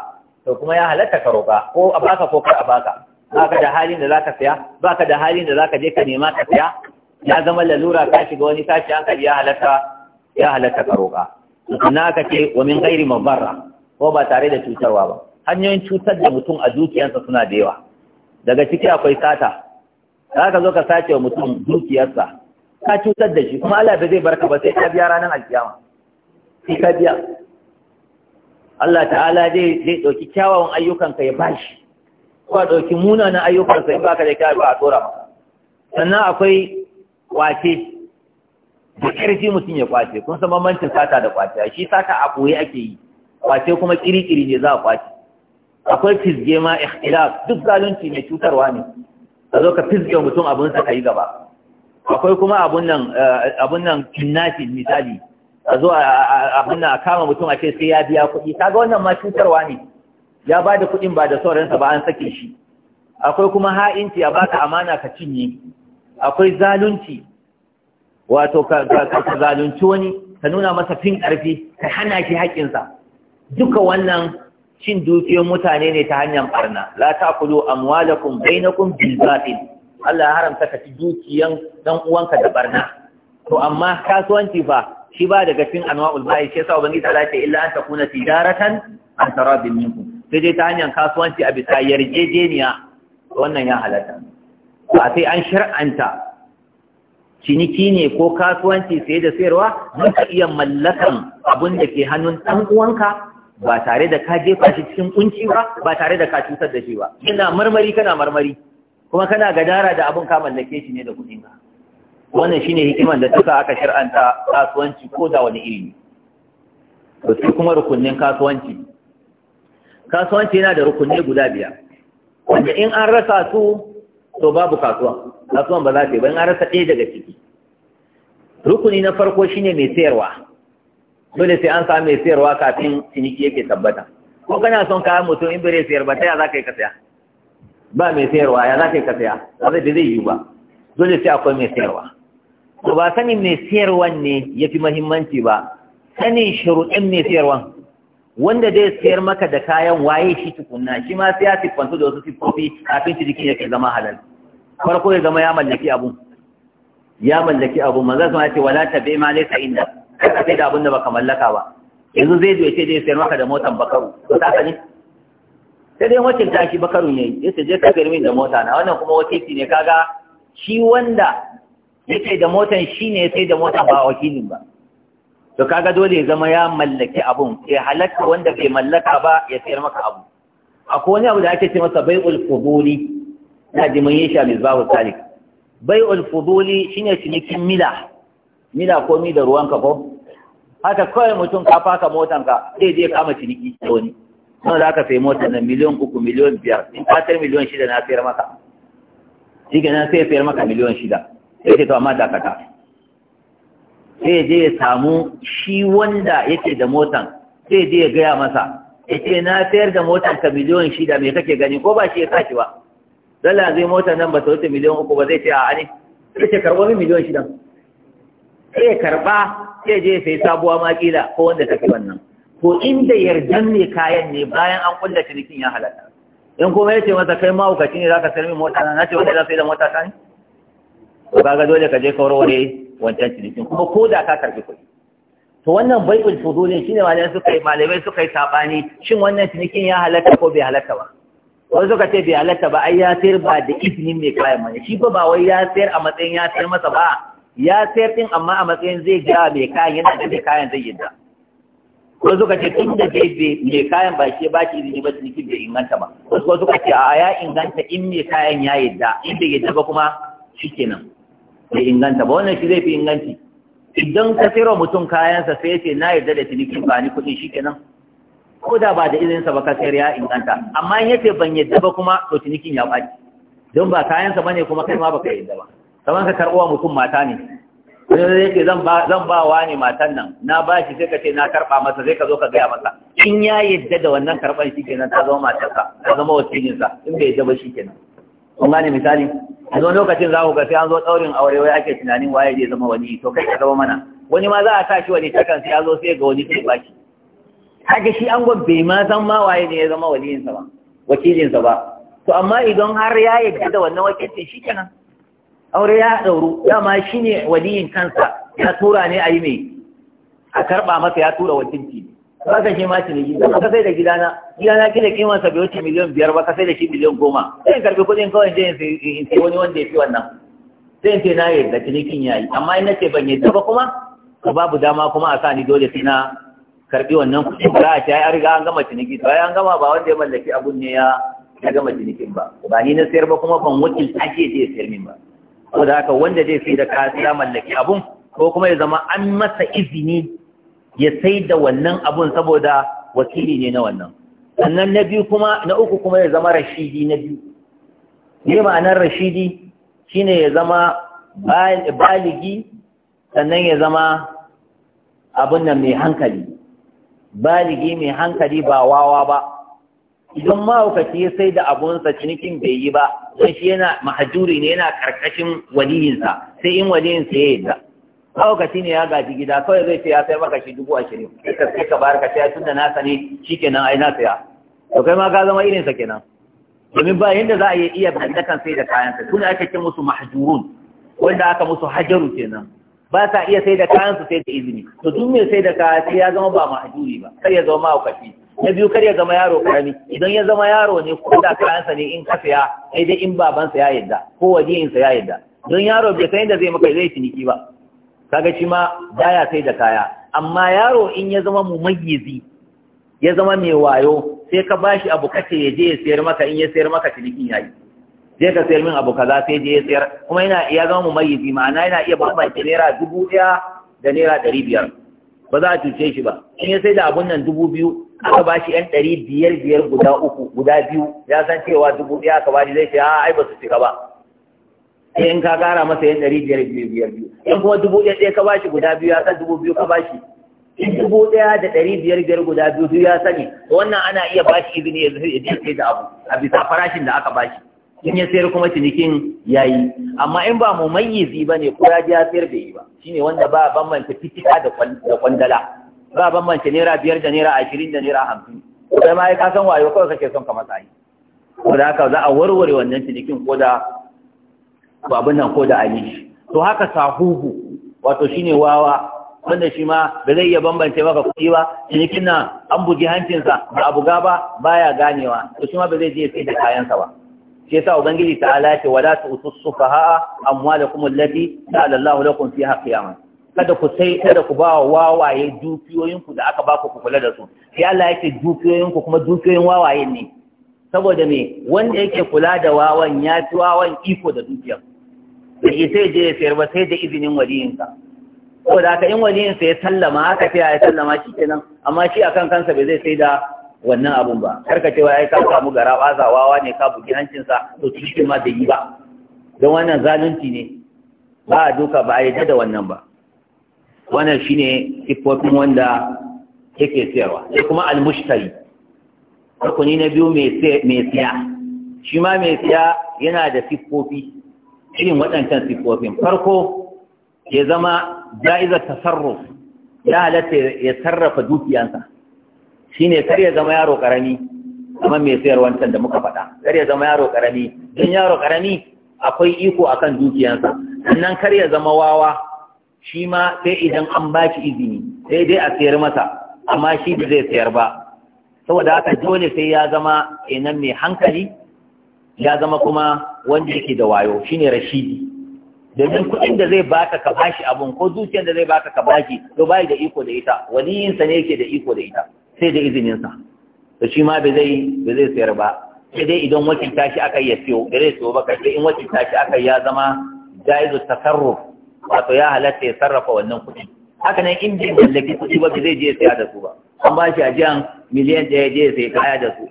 Speaker 1: to kuma ya halatta ka roƙa ko a baka ko kar a baka Ba ka da halin da zaka saya ba ka da halin da zaka je ka nema ka saya ya zama lalura ka shiga wani tashi hankali ya halatta ya halatta karoka na ka aka ce wa min ghairi mabarra ko ba tare da cutarwa ba hanyoyin cutar da mutum a dukiyarsa suna da yawa daga ciki akwai sata za ka zo ka sace wa mutum dukiyarsa ka cutar da shi kuma Allah ba zai barka ba sai ka biya ranar alkiyama sai ka biya Allah ta'ala zai zai dauki kyawawan ka ya bashi ko dauki munanan ayyukansa in baka da kyawawa a tsora maka sannan akwai kwace da ƙarfi mutum ya kwace kun san bambancin sata da kwace shi sata a ɓoye ake yi kwace kuma ƙiri-ƙiri ne za a kwace akwai fizge ma ikhtilaf duk zalunci mai cutarwa ne ka zo ka fizge mutum abin sa kai gaba akwai kuma abun nan eh, abun nan kinnafi misali a zo abun nan a kama mutum a ce sai ya biya kuɗi kaga wannan ma cutarwa ne ya ba da kuɗin ba da sauransa ba an sake shi akwai kuma ha'inci a baka amana ka cinye akwai zalunci wato ka zalunci wani ka nuna masa fin ƙarfi ka hana shi haƙƙinsa duka wannan cin dukiyar mutane ne ta hanyar barna la taqulu amwalakum bainakum bil batil Allah haramta ka ci dukiyan dan uwanka da barna to amma kasuwanci fa shi ba daga cikin anwa'ul bai sai sa ubangiji Allah ce illa an takuna tijaratan an tarabin minkum sai dai ta hanyar kasuwanci a bisa yarjejeniya wannan ya halatta ba sai an shar'anta ciniki ne ko kasuwanci sai da sayarwa don ka iya mallakan abin da ke hannun ɗan uwanka ba tare da ka jefa shi cikin kunci ba ba tare da ka cutar da shi ba kana marmari kana marmari kuma kana gadara da abin ka mallake shi ne da kuɗin ka wannan shine hikiman da duka aka shar'anta kasuwanci ko da wani iri to sai kuma rukunin kasuwanci kasuwanci yana da rukunni guda biyar wanda in an rasa su to babu kasuwa kasuwan ba za ta yi ba in an rasa ɗaya daga ciki rukuni na farko shine mai sayarwa dole sai an samu mai sayarwa kafin ciniki yake tabbata ko kana son kayan mutum in bare sayar ba ta ya za ka yi ka ba mai sayarwa ya za ka yi ka ba zai zai yiwu ba dole sai akwai mai sayarwa to ba sanin mai sayarwan ne ya fi mahimmanci ba sanin shuruɗin mai sayarwan wanda zai sayar maka da kayan waye shi tukunna shi ma sai ya siffantu da wasu siffofi kafin ciki yake zama halal farko ya zama ya mallaki abun ya mallaki abun manzo ma ce wala bai ma laysa inda ka sai da abun da baka mallaka ba yanzu zai zo ce zai sayar maka da motan bakaru to ta kani sai dai wacin ta shi bakaru ne ce je ka sayar min da mota na wannan kuma wakili ne kaga shi wanda yake da motan shine sai da motan ba wakilin ba to kaga dole ya zama ya mallaki abun ya halatta wanda bai mallaka ba ya sayar maka abu akwai wani abu da ake ce masa bai'ul fuduli na ji mun yi shi a misbahu salik bai'ul fuduli shine cinikin mila mila ko mi da ruwanka ko haka kawai mutum ka faka motanka sai je kama ciniki da wani nawa za ka sai motan na miliyon uku miliyon biyar in fatar miliyon shida na sayar maka shi na sai sayar maka miliyon shida sai ce to amma dakata sai je ya samu shi wanda yake da motan sai je ya gaya masa ya ce na sayar da motan ka miliyon shida me kake gani ko ba shi ya sashi ba dala zai motan nan ba ta wuce miliyon uku ba zai ce a ne sai ce karɓo min miliyon shida sai karɓa sai je sai sabuwa ma kila ko wanda ta fi wannan ko inda yardan ne kayan ne bayan an kulla cinikin ya halatta in kuma ya ce masa kai mahaukaci ne za ka sayar min mota na ce wanda za su yi da mota ta ne? Ba ga dole ka je ka warware wancan cinikin kuma ko da ka karbi kuɗi to wannan bai'ul fudulin shine malamai suka yi malamai suka yi sabani shin wannan cinikin ya halatta ko bai halatta ba wani suka ce bai halatta ba ai ya sayar ba da izinin mai kayan mai shi ba wai ya sayar a matsayin ya sayar masa ba ya sayar din amma a matsayin zai ga mai kayan yana da mai kayan zai yadda wani suka ce tun da bai mai kayan ba shi ba shi izini ba ciniki bai inganta ba wasu suka ce a ya inganta in mai kayan ya yadda in bai yadda ba kuma shi kenan ya inganta ba wannan shi zai fi inganci idan ka tsira mutum kayansa sai ya ce na yarda da cinikin ba ni kuɗi shi kenan ko da ba da izinsa ba ka sayar ya inganta amma in yace ban yadda ba kuma to cinikin ya ɓaci don ba kayansa ba ne, kuma kai ma ba ka yadda ba kamar ka karɓo mutum mata ne wani zai ce zan ba wa ne matan nan na ba shi sai ka ce na karɓa masa sai ka zo ka gaya masa in ya yadda da wannan karɓan shi kenan ta zama matarsa ta zama wasilinsa in bai yadda ba shi kenan kun gane misali a zo lokacin za ku ga sai an zo ɗaurin aure wai ake tunanin waye zai zama wani to kai ka zama mana wani ma za a sa shi wani takan sai ya zo sai ga wani sai baki haka shi an bai ma san ma waye ne ya zama waliyinsa ba wakilinsa ba to amma idan har ya yarda da wannan wakilcin shi kenan aure ya ɗauru dama shi ne waliyin kansa ya tura ne a yi mai a karɓa masa ya tura wakilci ba ka shi ma ciniki da ka sai da gidana gidana kina kiman sa bai wuce miliyan biyar ba ka sai da shi miliyan goma sai in karbi kuɗin kawai je in sai wani wanda ya fi wannan sai in ce na yadda cinikin ya yi amma in na ce ban yadda ba kuma ka babu dama kuma a sa ni dole sai na karbi wannan kuɗin ba a ce an riga an gama ciniki to ya an gama ba wanda ya mallaki abun ne ya ya gama cinikin ba ba ni na sayar ba kuma ban wakil ake je ya sayar min ba saboda haka wanda zai sai da kaya mallaki abun ko kuma ya zama an masa izini ya sai da wannan abun saboda wakili ne na wannan sannan na biyu kuma na uku kuma ya zama rashidi na biyu ne ma'anar rashidi shine ya zama baligi sannan ya zama abun nan mai hankali baligi mai hankali ba wawa ba idan mahaukaci ya sai da abunsa cinikin bai yi ba don shi yana mahajuri ne yana karkashin waliyinsa sai in waliyinsa ya yi da mahaukaci ne ya gaji gida kawai zai ce ya sai maka shi dubu ashirin sai ka bayar ka sai tunda na sani shi kenan ai na saya to kai ma ka zama irin sa kenan domin ba yadda za a yi iya kan sai da kayan sa kuma ake ce musu mahjurun wanda aka musu hajaru kenan ba sa iya sai da su sai da izini to duk mai sai da kaya sai ya zama ba mahjuri ba kar ya zama mahaukaci na biyu kar ya zama yaro karami idan ya zama yaro ne ko da kayansa ne in ka saya sai dai in babansa ya yadda ko wajiyinsa ya yadda don yaro bai san yadda zai maka zai ciniki ba kaga shi ma baya sai da kaya amma yaro in ya zama mumayyizi ya zama mai wayo sai ka bashi abu kace ya je ya sayar maka in ya sayar maka cinikin yayi je ka sayar min abu kaza sai je ya sayar kuma yana ya zama mumayyizi ma'ana yana iya bambance naira dubu ɗaya da naira ɗari ba za a cuce shi ba in ya sai da abun nan dubu biyu aka ba yan ɗari biyar biyar guda uku guda biyu ya san cewa dubu ɗaya aka ba zai ce a ai ba su cika ba sai in ka kara masa yin ɗari biyar biyu biyar biyu in kuma dubu ɗaya ɗaya ka bashi guda biyu ya san dubu biyu ka bashi in dubu ɗaya da ɗari biyar biyar guda biyu duk ya sani wannan ana iya bashi izini ya zai iya sai da abu a bisa farashin da aka bashi in ya sayar kuma cinikin ya yi amma in ba mu mayyizi ba ne ko ya ji ya sayar da yi ba shine wanda ba bambanta fitika da kwandala ba bambanta naira biyar da naira ashirin da naira hamsin kai ma ya kasan wayo kawai kake son ka masa yi da haka za a warware wannan cinikin ko da to abin nan ko da ayi shi to haka sahuhu wato shine wawa wanda shi ma ba zai iya bambance maka kuɗi ba cinikin nan an bugi hancinsa ba a buga ba baya ganewa to shi ma ba zai je sai da kayansa ba shi yasa ubangiji ta'ala ce wala tu'tu sufaha amwalakum allati ta'ala lakum fiha qiyaman kada ku sai kada ku ba wawaye dukiyoyin da aka ba ku kula da su sai Allah yake dukiyoyin kuma dukiyoyin wawaye ne saboda me wanda yake kula da wawan ya ci wawan iko da dukiyar da sai je ya sayar ba sai da izinin waliyinsa ko da aka in waliyinsa ya sallama haka sai ya sallama shi nan. amma shi a kan kansa bai zai sai da wannan abun ba karka cewa ya ka samu gara wazawawa ne ka bugi hancinsa to shi ma da yi ba don wannan zalunci ne ba a duka ba a yi da wannan ba wannan shine siffofin wanda yake sayarwa sai kuma almushtari rukuni na biyu mai siya shi ma mai siya yana da siffofi irin waɗancan sifofin farko ya zama ja'izar tasarruf ya halatta ya sarrafa dukiyansa Shi ne kar ya zama yaro ƙarami, kamar mai sayar wancan da muka faɗa kar ya zama yaro ƙarami, don yaro ƙarami akwai iko akan dukiyansa sannan kar ya zama wawa shi ma sai idan an ba shi izini sai dai a sayar masa amma shi ba zai sayar ba saboda haka dole sai ya zama kenan mai hankali ya zama kuma wanda yake da wayo shine rashidi domin kuɗin da zai baka ka bashi abun ko dukiyar da zai baka ka bashi to bai da iko da ita waliyinsa ne yake da iko da ita sai da izininsa. sa to shi ma bai zai bai zai sayar ba sai dai idan wakilta tashi aka ya siyo da zai siyo baka sai in wakilta tashi aka ya zama jaizu tasarruf wato ya halatta ya sarrafa wannan kuɗin haka nan in bai mallaki kuɗi ba zai je ya saya da su ba an bashi a ajiyan miliyan ɗaya je ya sayi kaya da su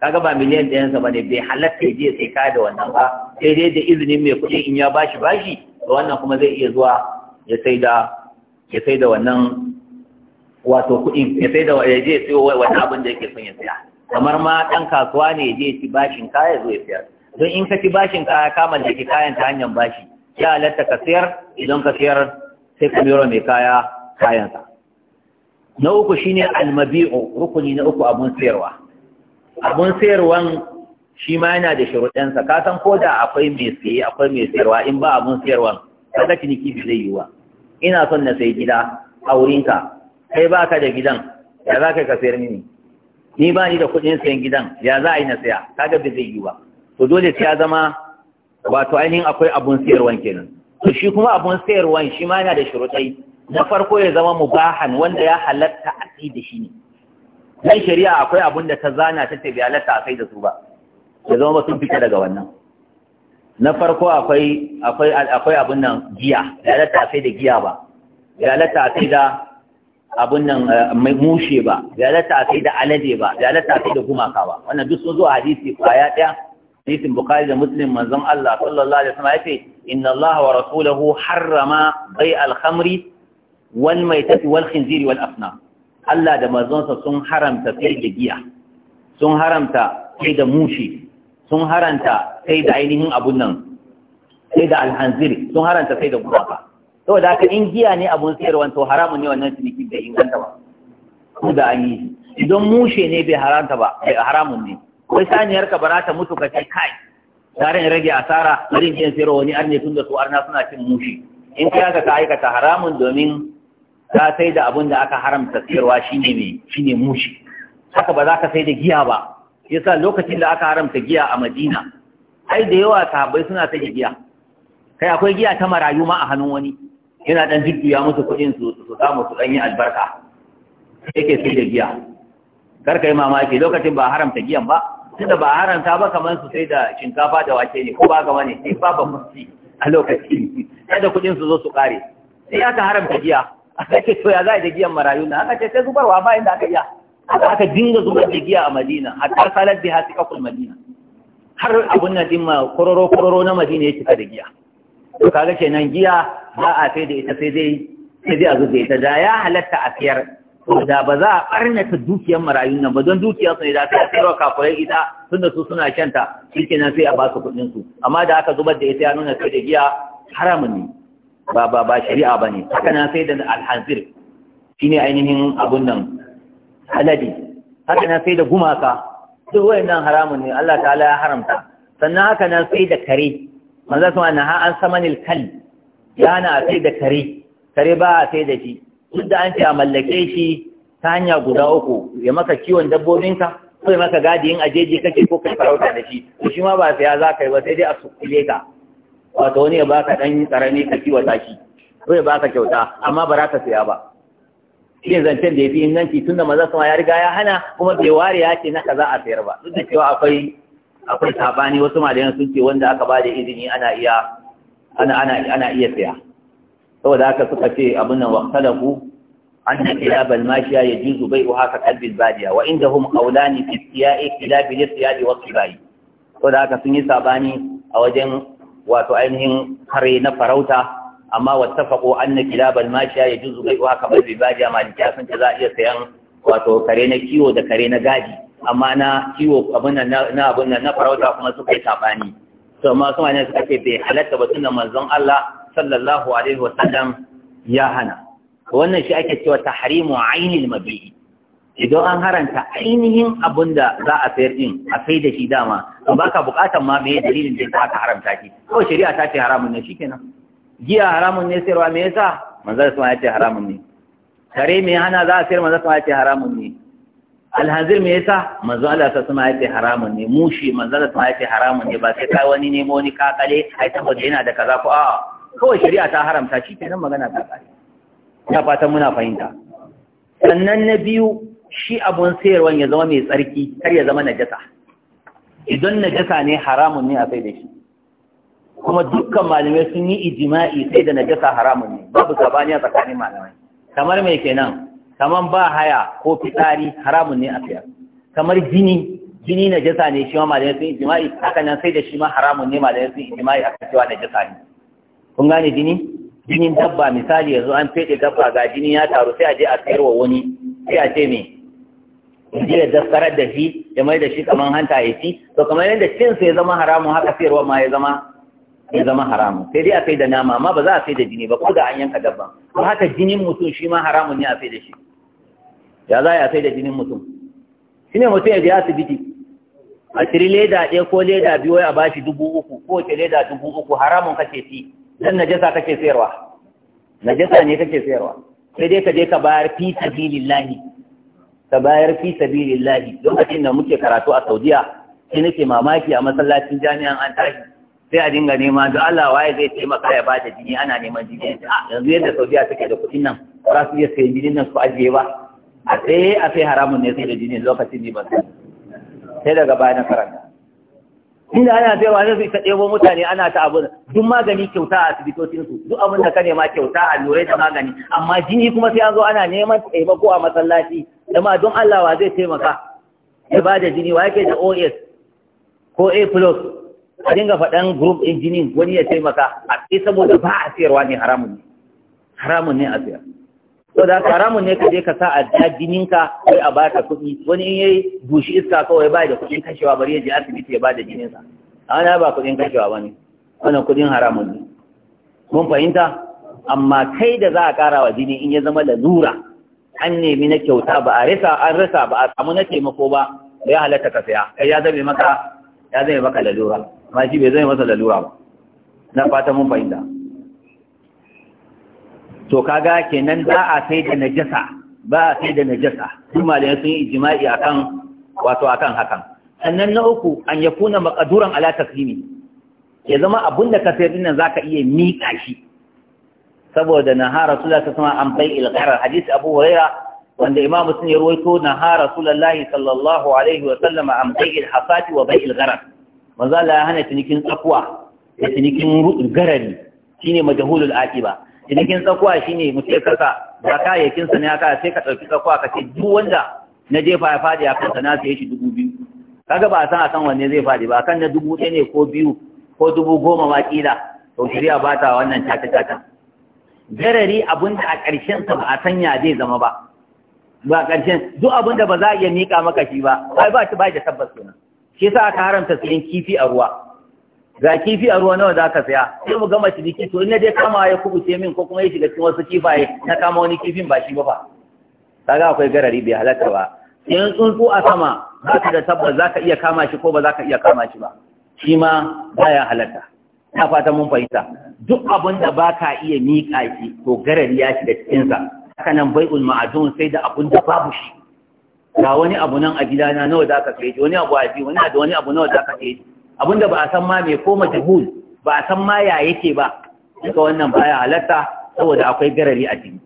Speaker 1: kaga ba miliyan ɗayan sa bane bai halatta ya je sai ka da wannan ba sai dai da izinin mai kuɗi in ya bashi bashi to wannan kuma zai iya zuwa ya sai da ya sai da wannan wato kuɗin ya sai da ya je sai wani abin da yake son ya saya kamar ma ɗan kasuwa ne ya je ci bashin kaya zo ya sayar don in ka ci bashin kaya ka mallaki kayan ta hanyar bashi ya halatta ka sayar idan ka sayar sai ka mero mai kaya kayansa na uku shine almabi'u rukuni na uku abun sayarwa abun sayarwan shi ma yana da sharuɗansa ka san ko da akwai mai saye akwai mai sayarwa in ba abun sayarwan kaga ciniki bi zai yiwuwa ina son na sayi gida a wurinka kai ba ka da gidan ya za ka sayar mini ni ba ni da kuɗin sayan gidan ya za a yi na saya kaga bi zai yiwuwa to dole sai ya zama wato ainihin akwai abun sayarwan kenan to shi kuma abun sayarwan shi ma yana da shirudai na farko ya zama mubahan wanda ya halatta a da shi ne dan shari'a akwai abin da ta zana ta ce bai a kai da su ba ya zama ba sun fita daga wannan na farko akwai akwai akwai abin nan giya bai halatta a kai da giya ba bai halatta a kai da abin nan eh, mai mushe ba bai halatta a kai da alade ba bai halatta a kai da gumaka ba wannan duk sun zo a hadisi kwaya daya hadisin bukhari da muslim manzon Allah sallallahu alaihi wasallam yace inna Allah wa rasuluhu harrama bai al-khamri wal maitati wal khinziri wal asnam Allah da manzonsa sun haramta sai da giya sun haramta sai da mushi sun haramta sai da ainihin abun nan sai da alhanzir sun haramta sai da gurafa saboda haka in giya ne abun sayarwa to haramun ne wannan ciniki bai inganta ba ko da an yi idan mushe ne bai haramta ba bai haramun ne wai saniyar ka bara ta mutu ka ce kai tare rage asara bari in sayarwa wani arne tun da su arna suna cin mushi in kai ka aikata haramun domin ka sai da abin da aka haramta siyarwa shine ne ne mushi haka ba za ka sai da giya ba yasa lokacin da aka haramta giya a Madina ai da yawa sahabbai suna sai da giya kai akwai giya ta marayu ma a hannun wani yana dan jujjuya musu kuɗin su su samu su ɗan yi albarka yake sai da giya kar kai mamaki lokacin ba haramta giyan ba tunda ba haramta ba kamar su sai da shinkafa da wake ne ko ba ga wani sai ba ba musu a lokacin kada kuɗin su zo su kare sai aka haramta giya aka ce to ya za a da giyan marayu na aka ce sai zubarwa bayan inda aka yi aka aka dinga zubar da a madina a salar da fi kakul madina har abin na din kororo kororo na madina ya cika da giya to kaga nan giya za a sai da ita sai dai sai dai a zuba ita da ya halatta a siyar to da ba za a ta dukiyar marayu nan ba don dukiyar su ne da ta tsira kafurai ita tunda su suna ta, shi kenan sai a ba su kuɗin su amma da aka zubar da ita ya nuna sai da giya haramun ne ba ba ba shari'a ba ne haka na sai da alhanzir shi ne ainihin abun nan haladi haka na sai da gumaka duk wayannan haramun ne Allah ta'ala ya haramta sannan haka na sai da kare manzo sama na ha an samanil kal yana sai da kare kare ba a sai da shi duk da an ce a mallake shi ta hanya guda uku ya maka kiwon dabbobinka ko ya maka gadi in ajeji kake ko kai farauta da shi to shi ma ba sai ya za ka yi ba sai dai a sukule ka wato wani ya baka dan karami ka kiwata shi ko ya baka kyauta amma ba za ka saya ba shi zancen da ya fi inganci tun da maza sama ya riga ya hana kuma bai ware ya ce na kaza a sayar ba duk da cewa akwai akwai sabani wasu malayan sun ce wanda aka ba da izini ana iya ana ana ana iya saya saboda haka suka ce abin nan waqtalaku anna kilab al-mashiya yajuzu bai'u haka kalbin al-badiya wa indahum qawlani fi istiya'i kilab al wa saboda haka sun yi sabani a wajen wato ainihin kare na farauta amma wattafaqu anna kilabal mashiya yajuzu bai'uha kamar ribaja malikiya sun ce za a iya sayan wato kare na kiwo da kare na gadi amma na kiwo abin nan na farauta kuma suka yi sabani to amma su ne suka ce bai halatta ba sunan manzon Allah sallallahu alaihi wasallam ya hana wannan shi ake cewa tahrimu ainil mabi'i idan an haranta ainihin abin da za a sayar din a sai da shi dama to baka bukatan ma me dalilin da yasa aka haramta shi ko shari'a ta ce haramun ne shikenan giya haramun ne sayarwa me yasa manzon sama ya ce haramun ne kare me hana za a sayar manzon sama ya ce haramun ne alhazir me yasa manzo Allah ta ya ce haramun ne mushi manzo Allah ya ce haramun ne ba sai kai wani nemo wani kakale ai ta saboda yana da kaza ko a kawai shari'a ta haramta shi kenan magana ta kare ina fatan muna fahimta sannan na biyu shi abun sayarwan ya zama mai tsarki kar ya zama najasa idan najasa ne haramun ne a sai da shi kuma dukkan malamai sun yi ijima'i sai da najasa haramun ne babu sabani a tsakanin malamai kamar mai kenan kamar ba haya ko fitsari haramun ne a sayar kamar jini jini najasa ne shi ma malamai sun ijima'i haka nan sai da shi ma haramun ne malamai sun yi ijima'i a cewa najasa ne kun gane jini jinin dabba misali yanzu an fede dabba ga jini ya taru sai a je a sayarwa wani sai a ce me ya daskarar da shi ya mai da shi kamar hanta ya ci to kamar yadda cin ya zama haramun haka sayarwa ma ya zama ya zama haramun sai dai a sai da nama amma ba za a sai da jini ba ko da an yanka dabba ko haka jinin mutum shi ma haramun ne a sai da shi ya za a sai da jinin mutum shi ne mutum ya je asibiti a ciri leda ɗaya ko leda biyu a ba shi dubu uku ko wace leda dubu uku haramun kake ci dan najasa kake sayarwa najasa ne kake sayarwa sai dai ka je ka bayar fi sabilillahi ka bayar fi lahi lokacin da muke karatu a Saudiya shi nake mamaki a masallacin jami'an an tashi sai a dinga nema da Allah waye zai taimaka ya ba da jini ana neman jini ah, yanzu yadda Saudiya take da kuɗin nan ba su iya sayan jinin nan su ajiye ba a sai a sai haramun ne sai da jini lokacin ne ba sai daga baya na karanta inda ana zaiwa zai ta ɗebo mutane ana ta abu duk magani kyauta a asibitocinsu duk abin da ka nema kyauta a lura da magani amma jini kuma sai an zo ana neman taimako a masallaci jama'a don Allah wa zai taimaka ya ba da jini wa yake da OS ko A plus a dinga faɗan group engineering wani ya taimaka a sai eh, saboda ba a sayarwa ne haramun ne haramun ne a sayar ko da karamu ne ka je ka sa a jininka kai a ba ka kuɗi wani in yayi bushi iska kawai ba da kuɗin kashewa bari ya je asibiti ya ba da jininsa na ba kuɗin kashewa ba ne wannan kuɗin haramun ne mun fahimta amma kai da za a ƙara wa jini in ya zama lalura an nemi na kyauta ba a rasa an rasa ba a samu na taimako ba ya halatta ka saya kai ya zame maka ya zame maka lalura amma shi bai zame masa lalura ba na fata mun fahimta to kaga kenan za a sai da najasa ba a sai da najasa duk malamai sun yi ijma'i akan wato akan hakan sannan na uku an yakuna maqduran ala takrimi ya zama abun da ka sayar dinnan zaka iya miƙa shi saboda nahara rasulullahi sallallahu alaihi wasallam an bai ilqara hadisi abu hurairah wanda imam mutum ya ruwaito nahara ha rasulullahi sallallahu alaihi wa sallam an bai hasati wa bai gharar manzo Allah ya hana cinikin tsakuwa da cinikin garari shine majhulul aqiba cinikin tsakuwa shine mutum ya kasa ba kayayyakin sa ne aka sai ka ɗauki tsakuwa ka ce duk wanda na jefa ya faɗi a kansa na sai shi dubu biyu kaga ba a san a san wanne zai faɗi ba kan na dubu ɗaya ne ko biyu ko dubu goma ma ƙila to shirya ba ta wannan caca caca garari abin da a ƙarshen sa ba a sanya zai zama ba ba ƙarshen duk abin da ba za a iya miƙa maka shi ba ai ba shi ba da tabbas kenan shi yasa aka haramta sayan kifi a ruwa ga kifi a ruwa nawa za ka saya sai mu gama ciniki to ina dai kama ya kubuce min ko kuma ya shiga cikin wasu kifaye na kama wani kifin ba shi ba fa kaga akwai garari bai halatta ba in tsuntsu a sama za ka da tabbas za ka iya kama shi ko ba za ka iya kama shi ba shi ma baya halatta ina fata mun fahimta duk abin da ba ka iya miƙa shi to garari ya shiga cikinsa haka nan bai'ul ma'adun sai da abun da babu shi ga wani abu nan a gidana nawa za ka kai wani abu a ji wani da wani abu nawa za ka kai abinda ba a san ma mai ko majhul ba a san ma ya yake ba daga wannan baya halatta saboda akwai garari a jini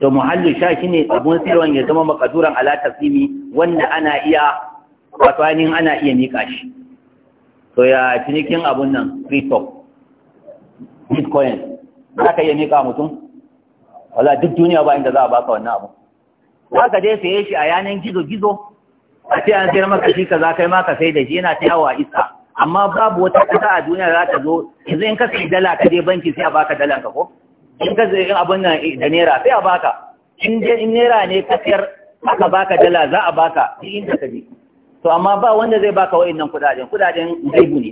Speaker 1: to muhallin sha ne abun sirwan ya zama makaduran ala tasimi wanda ana iya wato ana iya mika shi to ya cinikin abun nan free talk bitcoin za ka iya mika mutum wala duk duniya ba inda za a baka wannan abu za ka je saye shi a yanan gizo gizo a ce an sayar maka shi ka za ka ma ka sai da shi yana ta yawa iska amma babu wata kasa a duniya za ta zo yanzu in ka sai dala ka je banki sai a baka dalan ka ko in ka zai abin nan da naira sai a baka in je in naira ne ka sayar aka baka dala za a baka duk inda ka je to amma ba wanda zai baka wa'annan kudaden kudaden gaibu ne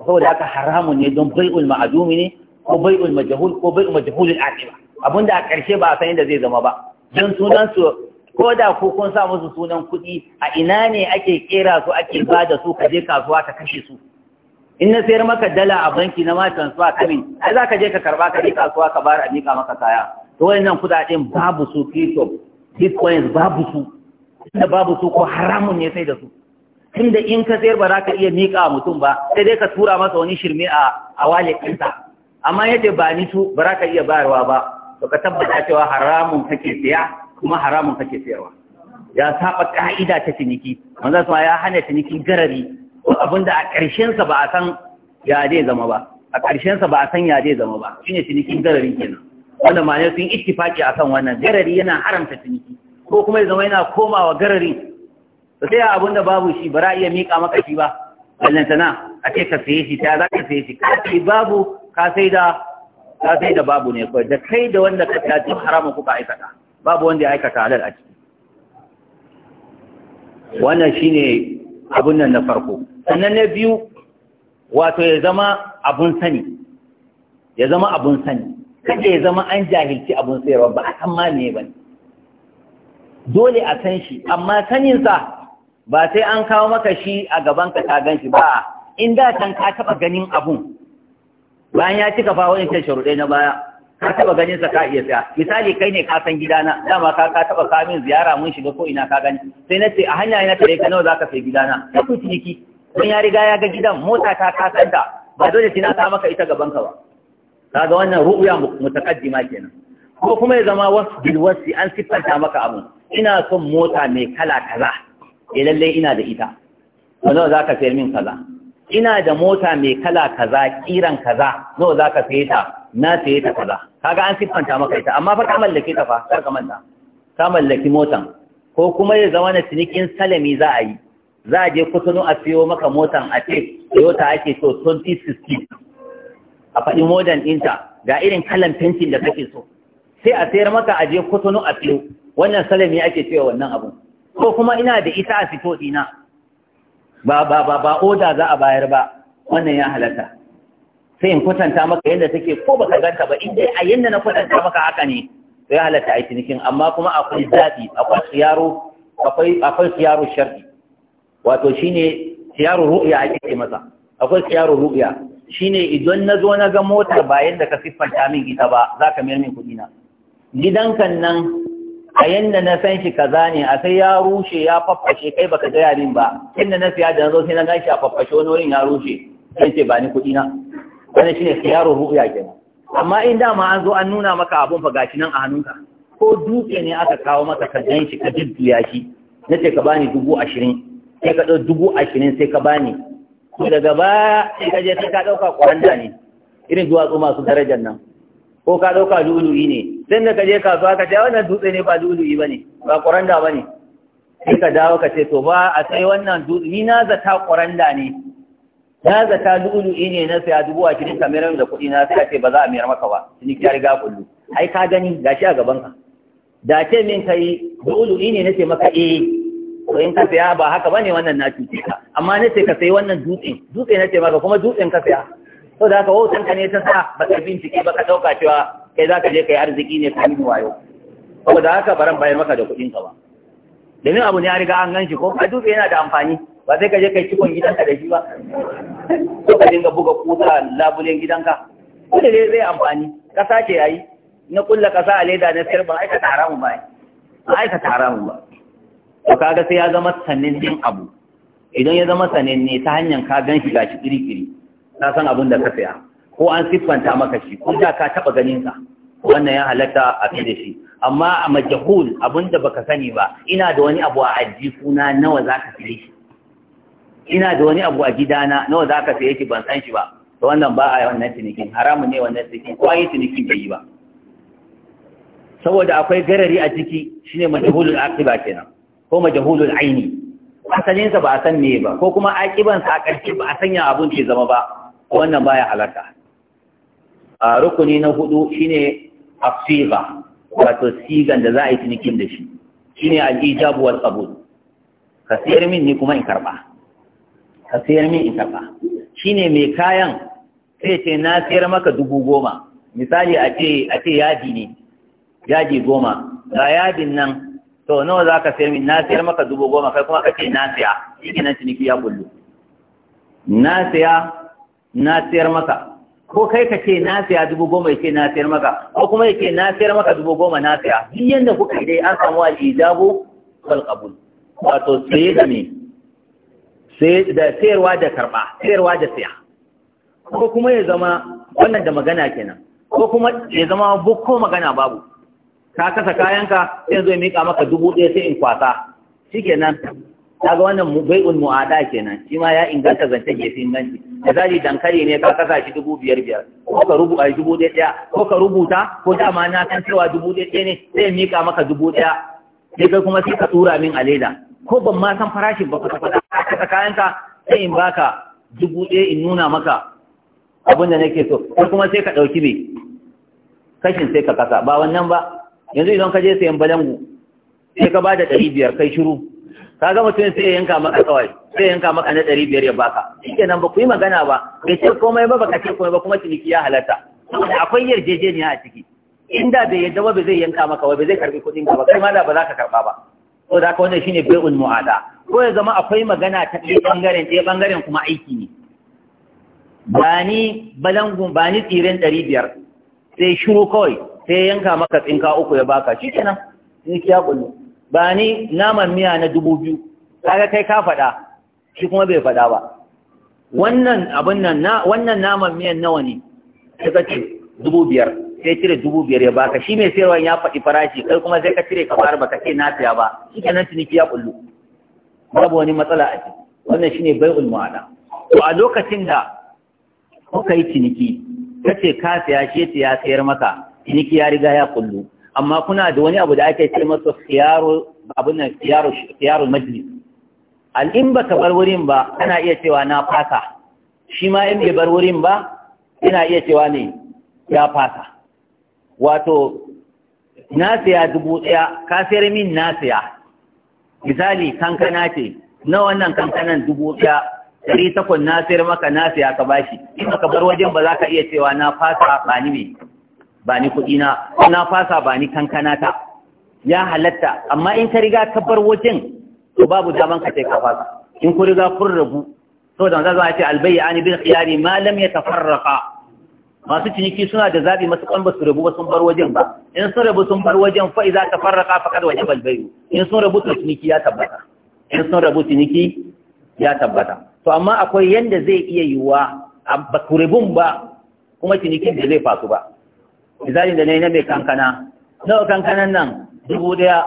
Speaker 1: saboda haka haramun ne don bai'ul ma'adumi ne ko bai'ul majhul ko bai'ul majhulul aqiba abinda a ƙarshe ba a san inda zai zama ba don sunan su ko da ku kun sa musu sunan kuɗi a ina ne ake kera su ake ba da su ka je kasuwa ka kashe su in na sayar maka dala a banki na ma transfer kamin ai za ka je ka karba ka je kasuwa ka bar a mika maka kaya to wayannan kuɗaɗen babu su crypto bitcoins babu su da babu su ko haramun ne sai da su tunda in ka sayar ba za ka iya miƙa mutum ba sai dai ka tura masa wani shirme a a wallet ɗinsa amma yadda ba ni su ba za ka iya bayarwa ba to ka tabbata cewa haramun kake siya kuma haramun kake sayarwa ya saba ka'ida ta ciniki manzo sama ya hana ciniki garari abinda a ƙarshen sa ba a san ya zai zama ba a ƙarshen sa ba a san ya zai zama ba shine cinikin garari kenan wanda ma'ana sun ittifaki akan wannan garari yana haramta ciniki ko kuma ya zama yana komawa garari to sai abinda babu shi bara iya mika maka shi ba ballantana a ce ka saye shi ta za ka saye shi ka sai babu ka sai da ka sai da babu ne ko da kai da wanda ka ta duk haramun kuka aikata babu wanda ya aikata halal a ciki wannan shi ne abin nan na farko sannan na biyu wato ya zama abun sani ya zama abun sani kada ya zama an jahilci abun sayarwa ba a san ma ne. bane dole a san shi amma saninsa ba sai an kawo maka shi a gaban ka ta gan shi ba in da ka taba ganin abun bayan ya cika fa wa'in sharuɗai na baya ka taba ganin sa ka iya saya misali kai ne ka san gidana dama ka ka taba ka min ziyara mun shiga ko ina ka gani sai na ce a hanya ina tare ka nawa zaka sai gidana ka ku ciniki mun ya riga ya ga gidan mota ta ka san da ba dole sai na ka maka ita gaban ka ba kaga wannan ru'ya mutaqaddima kenan ko kuma ya zama wasu bilwasi an siffanta maka abu ina son mota mai kala kaza Ya eh, lalle ina da ita ko za ka sayar min kaza ina da mota mai kala kaza kiran kaza no za ka saye ta na saye ta kaza kaga an siffanta maka ita amma fa ka mallake ta fa kar ka manta ka mallaki motan ko kuma ya zama na cinikin salami za a yi za a je kutunu a siyo maka motan a ce Toyota ake so 2016 a faɗi modern inta ga irin kalan fenti da kake so sai a sayar maka a je kutunu a siyo wannan salami ake cewa wannan abu ko kuma ina da ita a fito dina. ba ba ba ba oda za a bayar ba wannan ya halatta sai in kwatanta maka yadda take ko baka ganta ba in dai a yadda na kwatanta maka haka ne sai halatta a cinikin amma kuma akwai zaɓi akwai siyaro akwai akwai siyaro shar'i wato shine siyaro ru'ya ake ce masa akwai siyaro ru'ya shine idan na zo na ga motar ba yadda ka siffanta min ita ba za ka mayar min kuɗi na Gidan kan nan a yanda na san shi kaza ne a sai ya rushe ya faffashe kai baka ga yarin ba inda na siya da zo sai na shi a faffashe wani wurin ya rushe sai ce ba ni kuɗi na wani shine siyaro ya kenan amma in dama an zo an nuna maka abun fa gashi nan a hannunka ko dutse ne aka kawo maka ka gan shi ka jidduya shi na ce ka bani dubu ashirin sai ka ɗau dubu ashirin sai ka bani to daga baya sai ka je sai ka ɗauka kwanda ne irin duwatsu masu darajar nan ko ka ɗauka lulu'i ne sai da ka je kasuwa ka ce ah, wannan dutse ne ba lulu'i bane ba ƙwaranda bane. sai ka dawo ka ce to ba a sai wannan dutse ni na zata ƙwaranda ne na zata lulu'i ne na saya dubu ashirin ka mayar da kuɗi na sai ka ce ba za a mayar maka ba ni ka riga kullu ai ka gani gashi a gaban ka da ce min kai lulu'i ne na ce maka eh to in ka saya ba haka bane wannan na cuce ka amma na ce ka sayi wannan dutse dutse na ce maka kuma dutsen ka saya so da haka wautan ka ne ta sa ba ka bincike ba ka ɗauka cewa kai za ka je kai arziki ne ka yi wayo da haka baran bayar maka da kuɗin ka ba domin abu ne ya riga an gan shi ko a dutse yana da amfani ba sai ka je kai cikon gidanka da shi ba ko ka dinga buga kusa labulen gidanka ko dai zai amfani ƙasa ce yayi na kulla kasa a leda na sirba ba aikata haramun ba ba aikata haramun ba to kaga sai ya zama sanannen abu idan ya zama ne ta hanyar ka gan shi gashi kiri ta san abin da ka saya ko an siffanta maka shi ko da ka taba ganin sa wannan ya halatta a fi da shi amma a majahul abin da baka sani ba ina da wani abu a ajifuna nawa za ka saye shi ina da wani abu a gidana nawa za ka saye shi ban san shi ba to wannan ba a wannan cinikin haramun ne wannan cinikin ko yi cinikin bai yi ba saboda akwai garari a ciki shine majahulul aqiba kenan ko majahulul aini asalinsa ba a san me ba ko kuma aqibansa a ƙarshe ba a sanya abun ke zama ba wannan baya halatta a rukuni na hudu shine asiga wato sigan da za a yi cinikin da shi shine al-ijab wal qabul ka sayar min ni kuma in karba ka sayar min in karba shine mai kayan sai ce na sayar maka dubu goma misali a ce a ce yadi ne yadi goma ga yadin nan to nawa za ka sayar min na sayar maka dubu goma kai kuma ka ce na saya shi nan ciniki ya kullu na saya na siyar maka ko kai ka ce na siya dubu goma ya ce na siyar maka ko kuma ya ce na siyar maka dubu goma na siya duk yadda kuka dai an samu a ijabu wal qabul wato sai da me sai da sayarwa da karba sayarwa da siya ko kuma ya zama wannan da magana kenan ko kuma ya zama bukko magana babu ka kasa kayanka sai zo ya mika maka dubu ɗaya sai in kwasa shikenan kaga wannan bai'ul mu'ada kenan shi ma ya inganta zance fi inganci Da misali dankali ne ka kasa shi dubu biyar biyar ko ka rubuta dubu ɗaya ɗaya ko ka rubuta ko dama na san cewa dubu ɗaya ɗaya ne sai mika maka dubu ɗaya sai kai kuma sai ka tura min a leda ko ban ma san farashin ba ka faɗa ka ta ka, sai in baka dubu ɗaya in nuna maka abin da nake so ko kuma sai ka ɗauki mai kashin sai ka kasa ba wannan ba yanzu idan ka je sayan balangu sai ka ba da ɗari biyar kai shiru kaga mutum sai ya yanka maka kawai sai ya yanka maka na ɗari biyar ya baka shikenan ba ku yi magana ba bai ce komai ba baka ce komai ba kuma ciniki ya halatta saboda akwai yarjejeniya a ciki inda bai yadda ba bai zai yanka maka ba bai zai karbi kuɗin ka ba kai ma da ba za ka karba ba ko da haka wannan shine bai'ul mu'ada ko ya zama akwai magana ta ɗaya bangaren ɗaya bangaren kuma aiki ne ba ni balangun ba ni tsiren ɗari biyar sai shiru kawai sai yanka maka tsinka uku ya baka shikenan ni kiya ƙulle ba ni naman miya na dubu biyu kaga kai ka faɗa shi kuma bai faɗa ba wannan abin nan wannan naman miyan nawa ne suka ce dubu biyar sai cire dubu biyar ya baka shi mai sayarwa ya faɗi farashi kai kuma sai ka cire ka fara baka ce na siya ba shi kenan ciniki ya kullu babu wani matsala a ciki wannan shine bai'ul mu'ada to a lokacin da kuka yi ciniki kace ka siya shi ya sayar maka ciniki ya riga ya kullu amma kuna da wani abu da ake ce masa khiyaru abin nan khiyaru khiyaru majlis al in baka bar wurin ba kana iya cewa na fasa shi ma in bai bar wurin ba Kana iya cewa ne ya fasa wato na siya dubu ɗaya ka sayar min na siya misali kankana ce na wannan kankanan dubu ɗaya ɗari takwas na sayar maka na siya ka bashi in ka bar wajen ba za ka iya cewa na fasa ba ni ba ni kuɗi na na fasa ba ni kankana ta ya halatta amma in ka riga ka bar wajen to babu daman ka sai ka fasa in ku riga kun rabu saboda manzo Allah ya ce ani bil khiyari ma lam yatafarraqa masu ciniki suna da zabi masu kan basu rabu sun bar wajen ba in sun rabu sun bar wajen fa iza tafarraqa faqad wajaba albay'u in sun rabu ciniki ya tabbata in sun rabu ciniki ya tabbata to amma akwai yanda zai iya yiwa ba ku ba kuma cinikin da zai fasu ba misalin da na yi na mai kankana nawa kankanan nan dubu ɗaya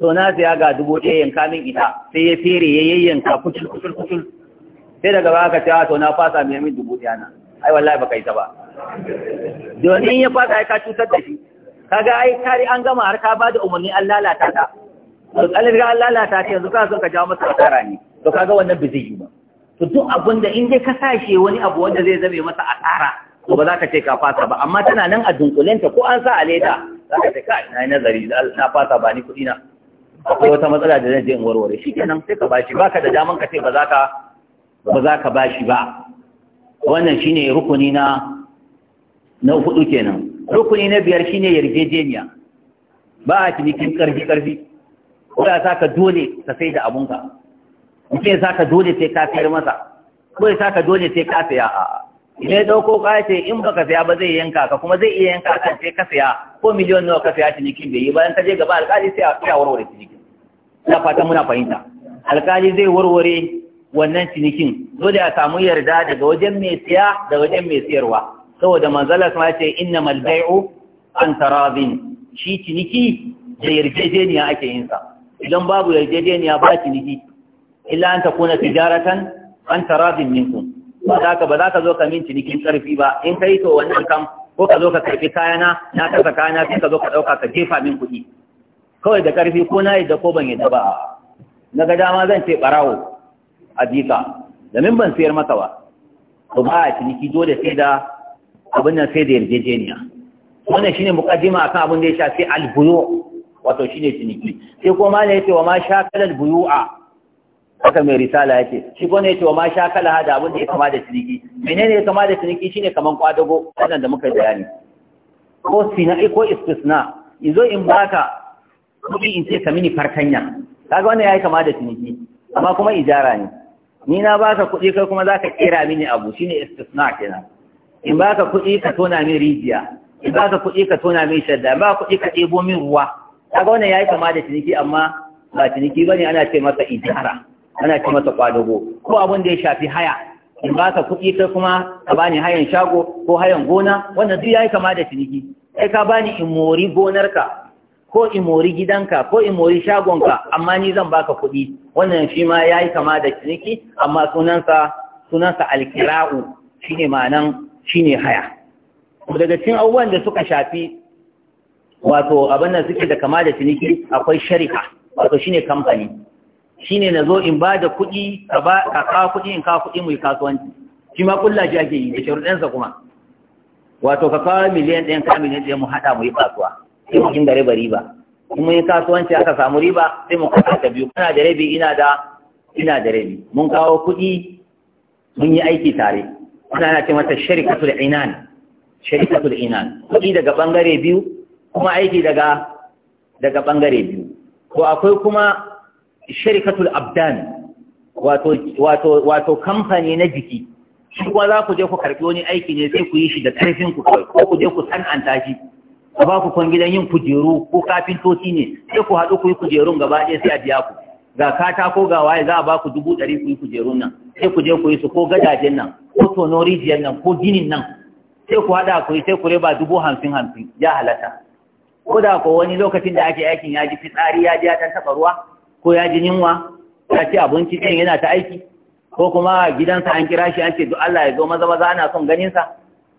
Speaker 1: to na siya ga dubu ɗaya yanka min ita sai ya fere ya yayyanka kucul kucul kucul sai daga ba ka cewa ah, to na fasa mai min dubu daya nan ai wallahi baka yi ta ba domin ya fasa ai ka cutar da shi kaga ai kare an gama har ka bada umarni an lalata ta to kalin an lalata ta yanzu ka son ka jawo masa asara ne to kaga wannan bizigi ba to duk abin da in dai ka sashe wani abu wanda zai zame masa asara ko ba za ka ce ka fasa ba amma tana nan a dunkulenta ko an sa a leda za ka ce kai na yi nazari na fasa ba ni kuɗi na akwai wata matsala da zan je in warware shi ke nan sai ka bashi Ba ka da daman ka ce ba za ka bashi ba wannan shi ne rukuni na na hudu kenan rukuni na biyar shi ne yarjejeniya ba a cinikin karfi karfi ko da sa ka dole ka sai da abunka mutum ya sa ka dole sai ka sayar masa ko ya sa ka dole sai ka saya a'a idan ya dauko ka ce in baka saya ba zai yanka ka kuma zai iya yanka ka sai ka saya ko miliyon nawa ka saya cinikin bai yi bayan ka je gaba alkali sai a tsaya warware cinikin ina fatan muna fahimta alkali zai warware wannan cinikin dole a samu yarda daga wajen mai siya da wajen mai siyarwa saboda manzala sun ce na bai'u an tarabin shi ciniki da yarjejeniya ake yin sa idan babu yarjejeniya ba ciniki illa an takuna tijaratan an taradin minkum ba za ka ba za ka zo ka min cinikin karfi ba in kai to wannan kam ko ka zo ka karfi kayana na karfa kayana sai ka zo ka dauka ka jefa min kuɗi kawai da karfi ko na yadda ko ban yadda ba na dama zan ce barawo a jika min ban sayar maka ba to ba a ciniki dole sai da abin nan sai da yarjejeniya wannan shine muqaddima akan abin da ya shafi al-buyu wato shine ciniki sai kuma malai ce wa ma shakalal buyu'a haka mai risala yake? shi ko ne cewa wa ma sha kala hada abin da ya kama da ciniki menene ya kama da ciniki shine kaman kwadago wannan da muka bayani ko sina'i ko istisna in zo in baka kudi in ce ka mini farkanya kaga wannan yayi kama da ciniki amma kuma ijara ne ni na baka kuɗi kai kuma zaka kera mini abu shine istisna kenan in baka kuɗi ka tona min rijiya in baka kuɗi ka tona min shadda in kudi kuɗi ka ɗebo min ruwa kaga wannan yayi kama da ciniki amma ba ciniki bane ana ce masa ijara ana ce masa kwadago ko abin da ya shafi haya in ba ka kuɗi sai kuma ka bani hayan shago ko hayan gona wannan duk yi kama da ciniki sai ka bani in mori gonarka ko in mori gidanka ko in mori shagonka amma ni zan baka kuɗi wannan shi ma ya yi kama da ciniki amma sunansa sunansa alkira'u shine ma'anan shine haya daga cikin abubuwan da suka shafi wato abin da suke da kama da ciniki akwai shari'a wato shine kamfani shine nazo in ba da kuɗi ka ba ka kuɗi in ka kuɗi mu yi kasuwanci shi ma ƙulla shi ake yi da sharuɗansa kuma wato ka kawo miliyan ɗaya ka miliyan ɗaya mu haɗa mu yi kasuwa sai mu kinga riba riba in mun yi kasuwanci aka samu riba sai mu kasa ta biyu kana da rabi ina da ina da rabi mun kawo kuɗi mun yi aiki tare ana na ce mata sharikatul inan sharikatul inan kuɗi daga bangare biyu kuma aiki daga daga bangare biyu ko akwai kuma sharikatul abdan wato wato wato kamfani na jiki shi kuma za ku je ku karɓi wani aiki ne sai ku yi shi da ƙarfin ku ko ku je ku san'anta shi a ba ku gidan yin kujeru ko kafintoci ne sai ku haɗu ku yi kujerun gaba ɗaya sai a biya ku ga katako ga waye za a ba ku dubu ɗari ku yi kujerun nan sai ku je ku yi su ko gadajen nan ko tono rijiyar nan ko ginin nan sai ku haɗa ku yi sai ku riba dubu hamsin hamsin ya halatta ko da ko wani lokacin da ake aikin ya ji fitsari ya ji ya ɗan taɓa ruwa ko ya ji yunwa ya ce abinci ɗin yana ta aiki ko kuma gidansa an kira shi an ce duk Allah ya zo maza maza ana son ganin sa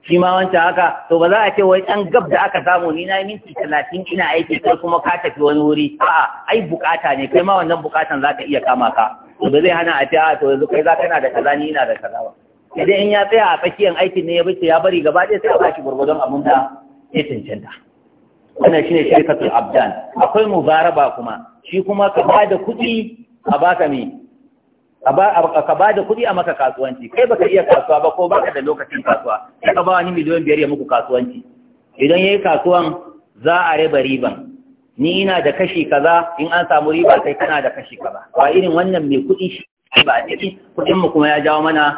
Speaker 1: shi ma wancan haka to ba za a ce wai ɗan gab da aka samu ni na minti talatin ina aiki kai kuma ka tafi wani wuri a'a ai bukata ne kai ma wannan bukatan za ka iya kama ka to ba zai hana a ce a to yanzu kai za kana da kaza ni ina da kaza ba idan in ya tsaya a tsakiyar aikin ne ya bace ya bari gaba ɗaya sai a bashi gwargwadon abin da ya cancanta wannan shine shirkatul abdan akwai mubaraba kuma shi kuma ka ba da kuɗi a ka ka ba da kuɗi a maka kasuwanci kai baka iya kasuwa ba ko ba ka da lokacin kasuwa sai ka ba wani miliyon biyar ya muku kasuwanci idan yayi kasuwan za a raba riban ni ina da kashi kaza in an samu riba sai kana da kashi kaza ba irin wannan mai kuɗi shi ba a ciki kuɗin mu kuma ya jawo mana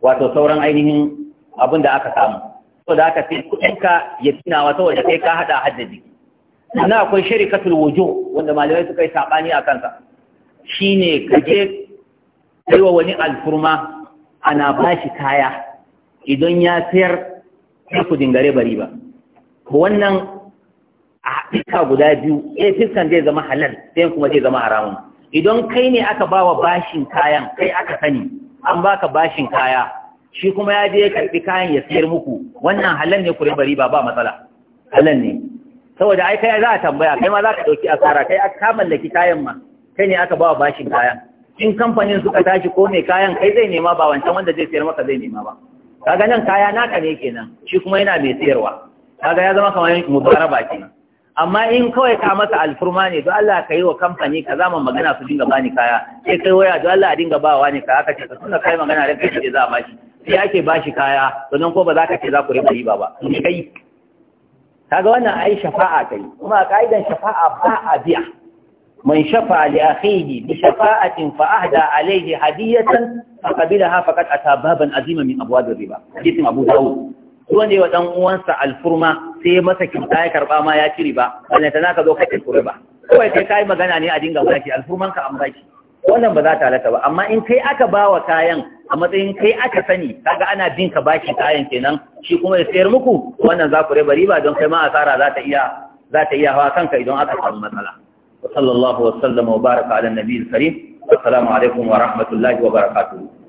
Speaker 1: wato sauran ainihin abin da aka samu saboda haka sai kuɗinka ya tunawa saboda kai ka haɗa haddadi. Ana akwai shirikatul wujo wanda malamai suka yi saɓani a kansa shine ka je kai wa wani alfurma ana ba shi kaya idan ya sayar ya ku dingare bari ba wannan a fiska guda biyu ɗaya fiskan zai zama halal ɗayan kuma zai zama haramun idan kai ne aka ba wa bashin kayan kai aka sani an baka bashin kaya shi kuma ya je ya karɓi kayan ya sayar muku wannan halal ne ku bari riba ba matsala halal ne saboda ai kai za a tambaya kai ma za ka ɗauki asara kai aka mallaki kayan ma kai ne aka ba wa bashin kayan in kamfanin suka tashi ko mai kayan kai zai nema ba wancan wanda zai sayar maka zai nema ba kaga nan kaya naka ne kenan shi kuma yana mai sayarwa kaga ya zama kamar mubaraba kenan amma in kawai ka masa alfurma ne don Allah ka yi wa kamfani ka zama magana su dinga bani kaya sai kai waya don Allah a dinga bawa ne ka ce ka tuna kai magana da kai ce za a bashi sai ake bashi kaya sannan ko ba za ka ce za ku riba riba ba kai kaga wannan ai shafa'a kai kuma a ka'idan shafa'a ba a biya man shafa li akhihi bi shafa'atin fa ahda alayhi hadiyatan fa qabilaha faqad ata baban azima min abwab riba hadithin abu dawud wanda wa dan uwansa alfurma sai masa kinta ya karba ma ya ci riba wannan tana ka zo ka ci riba kai kai magana ne a dinga baki alfurman ka an baki wannan ba za ta halatta ba amma in kai aka ba wa kayan a matsayin kai aka sani kaga ana bin ka baki kayan kenan shi kuma ya sayar muku wannan za ku riba riba don kai ma asara za ta iya za ta iya hawa kanka idan aka samu matsala wa sallallahu wa sallama wa baraka ala nabiyil karim assalamu alaikum wa rahmatullahi wa barakatuh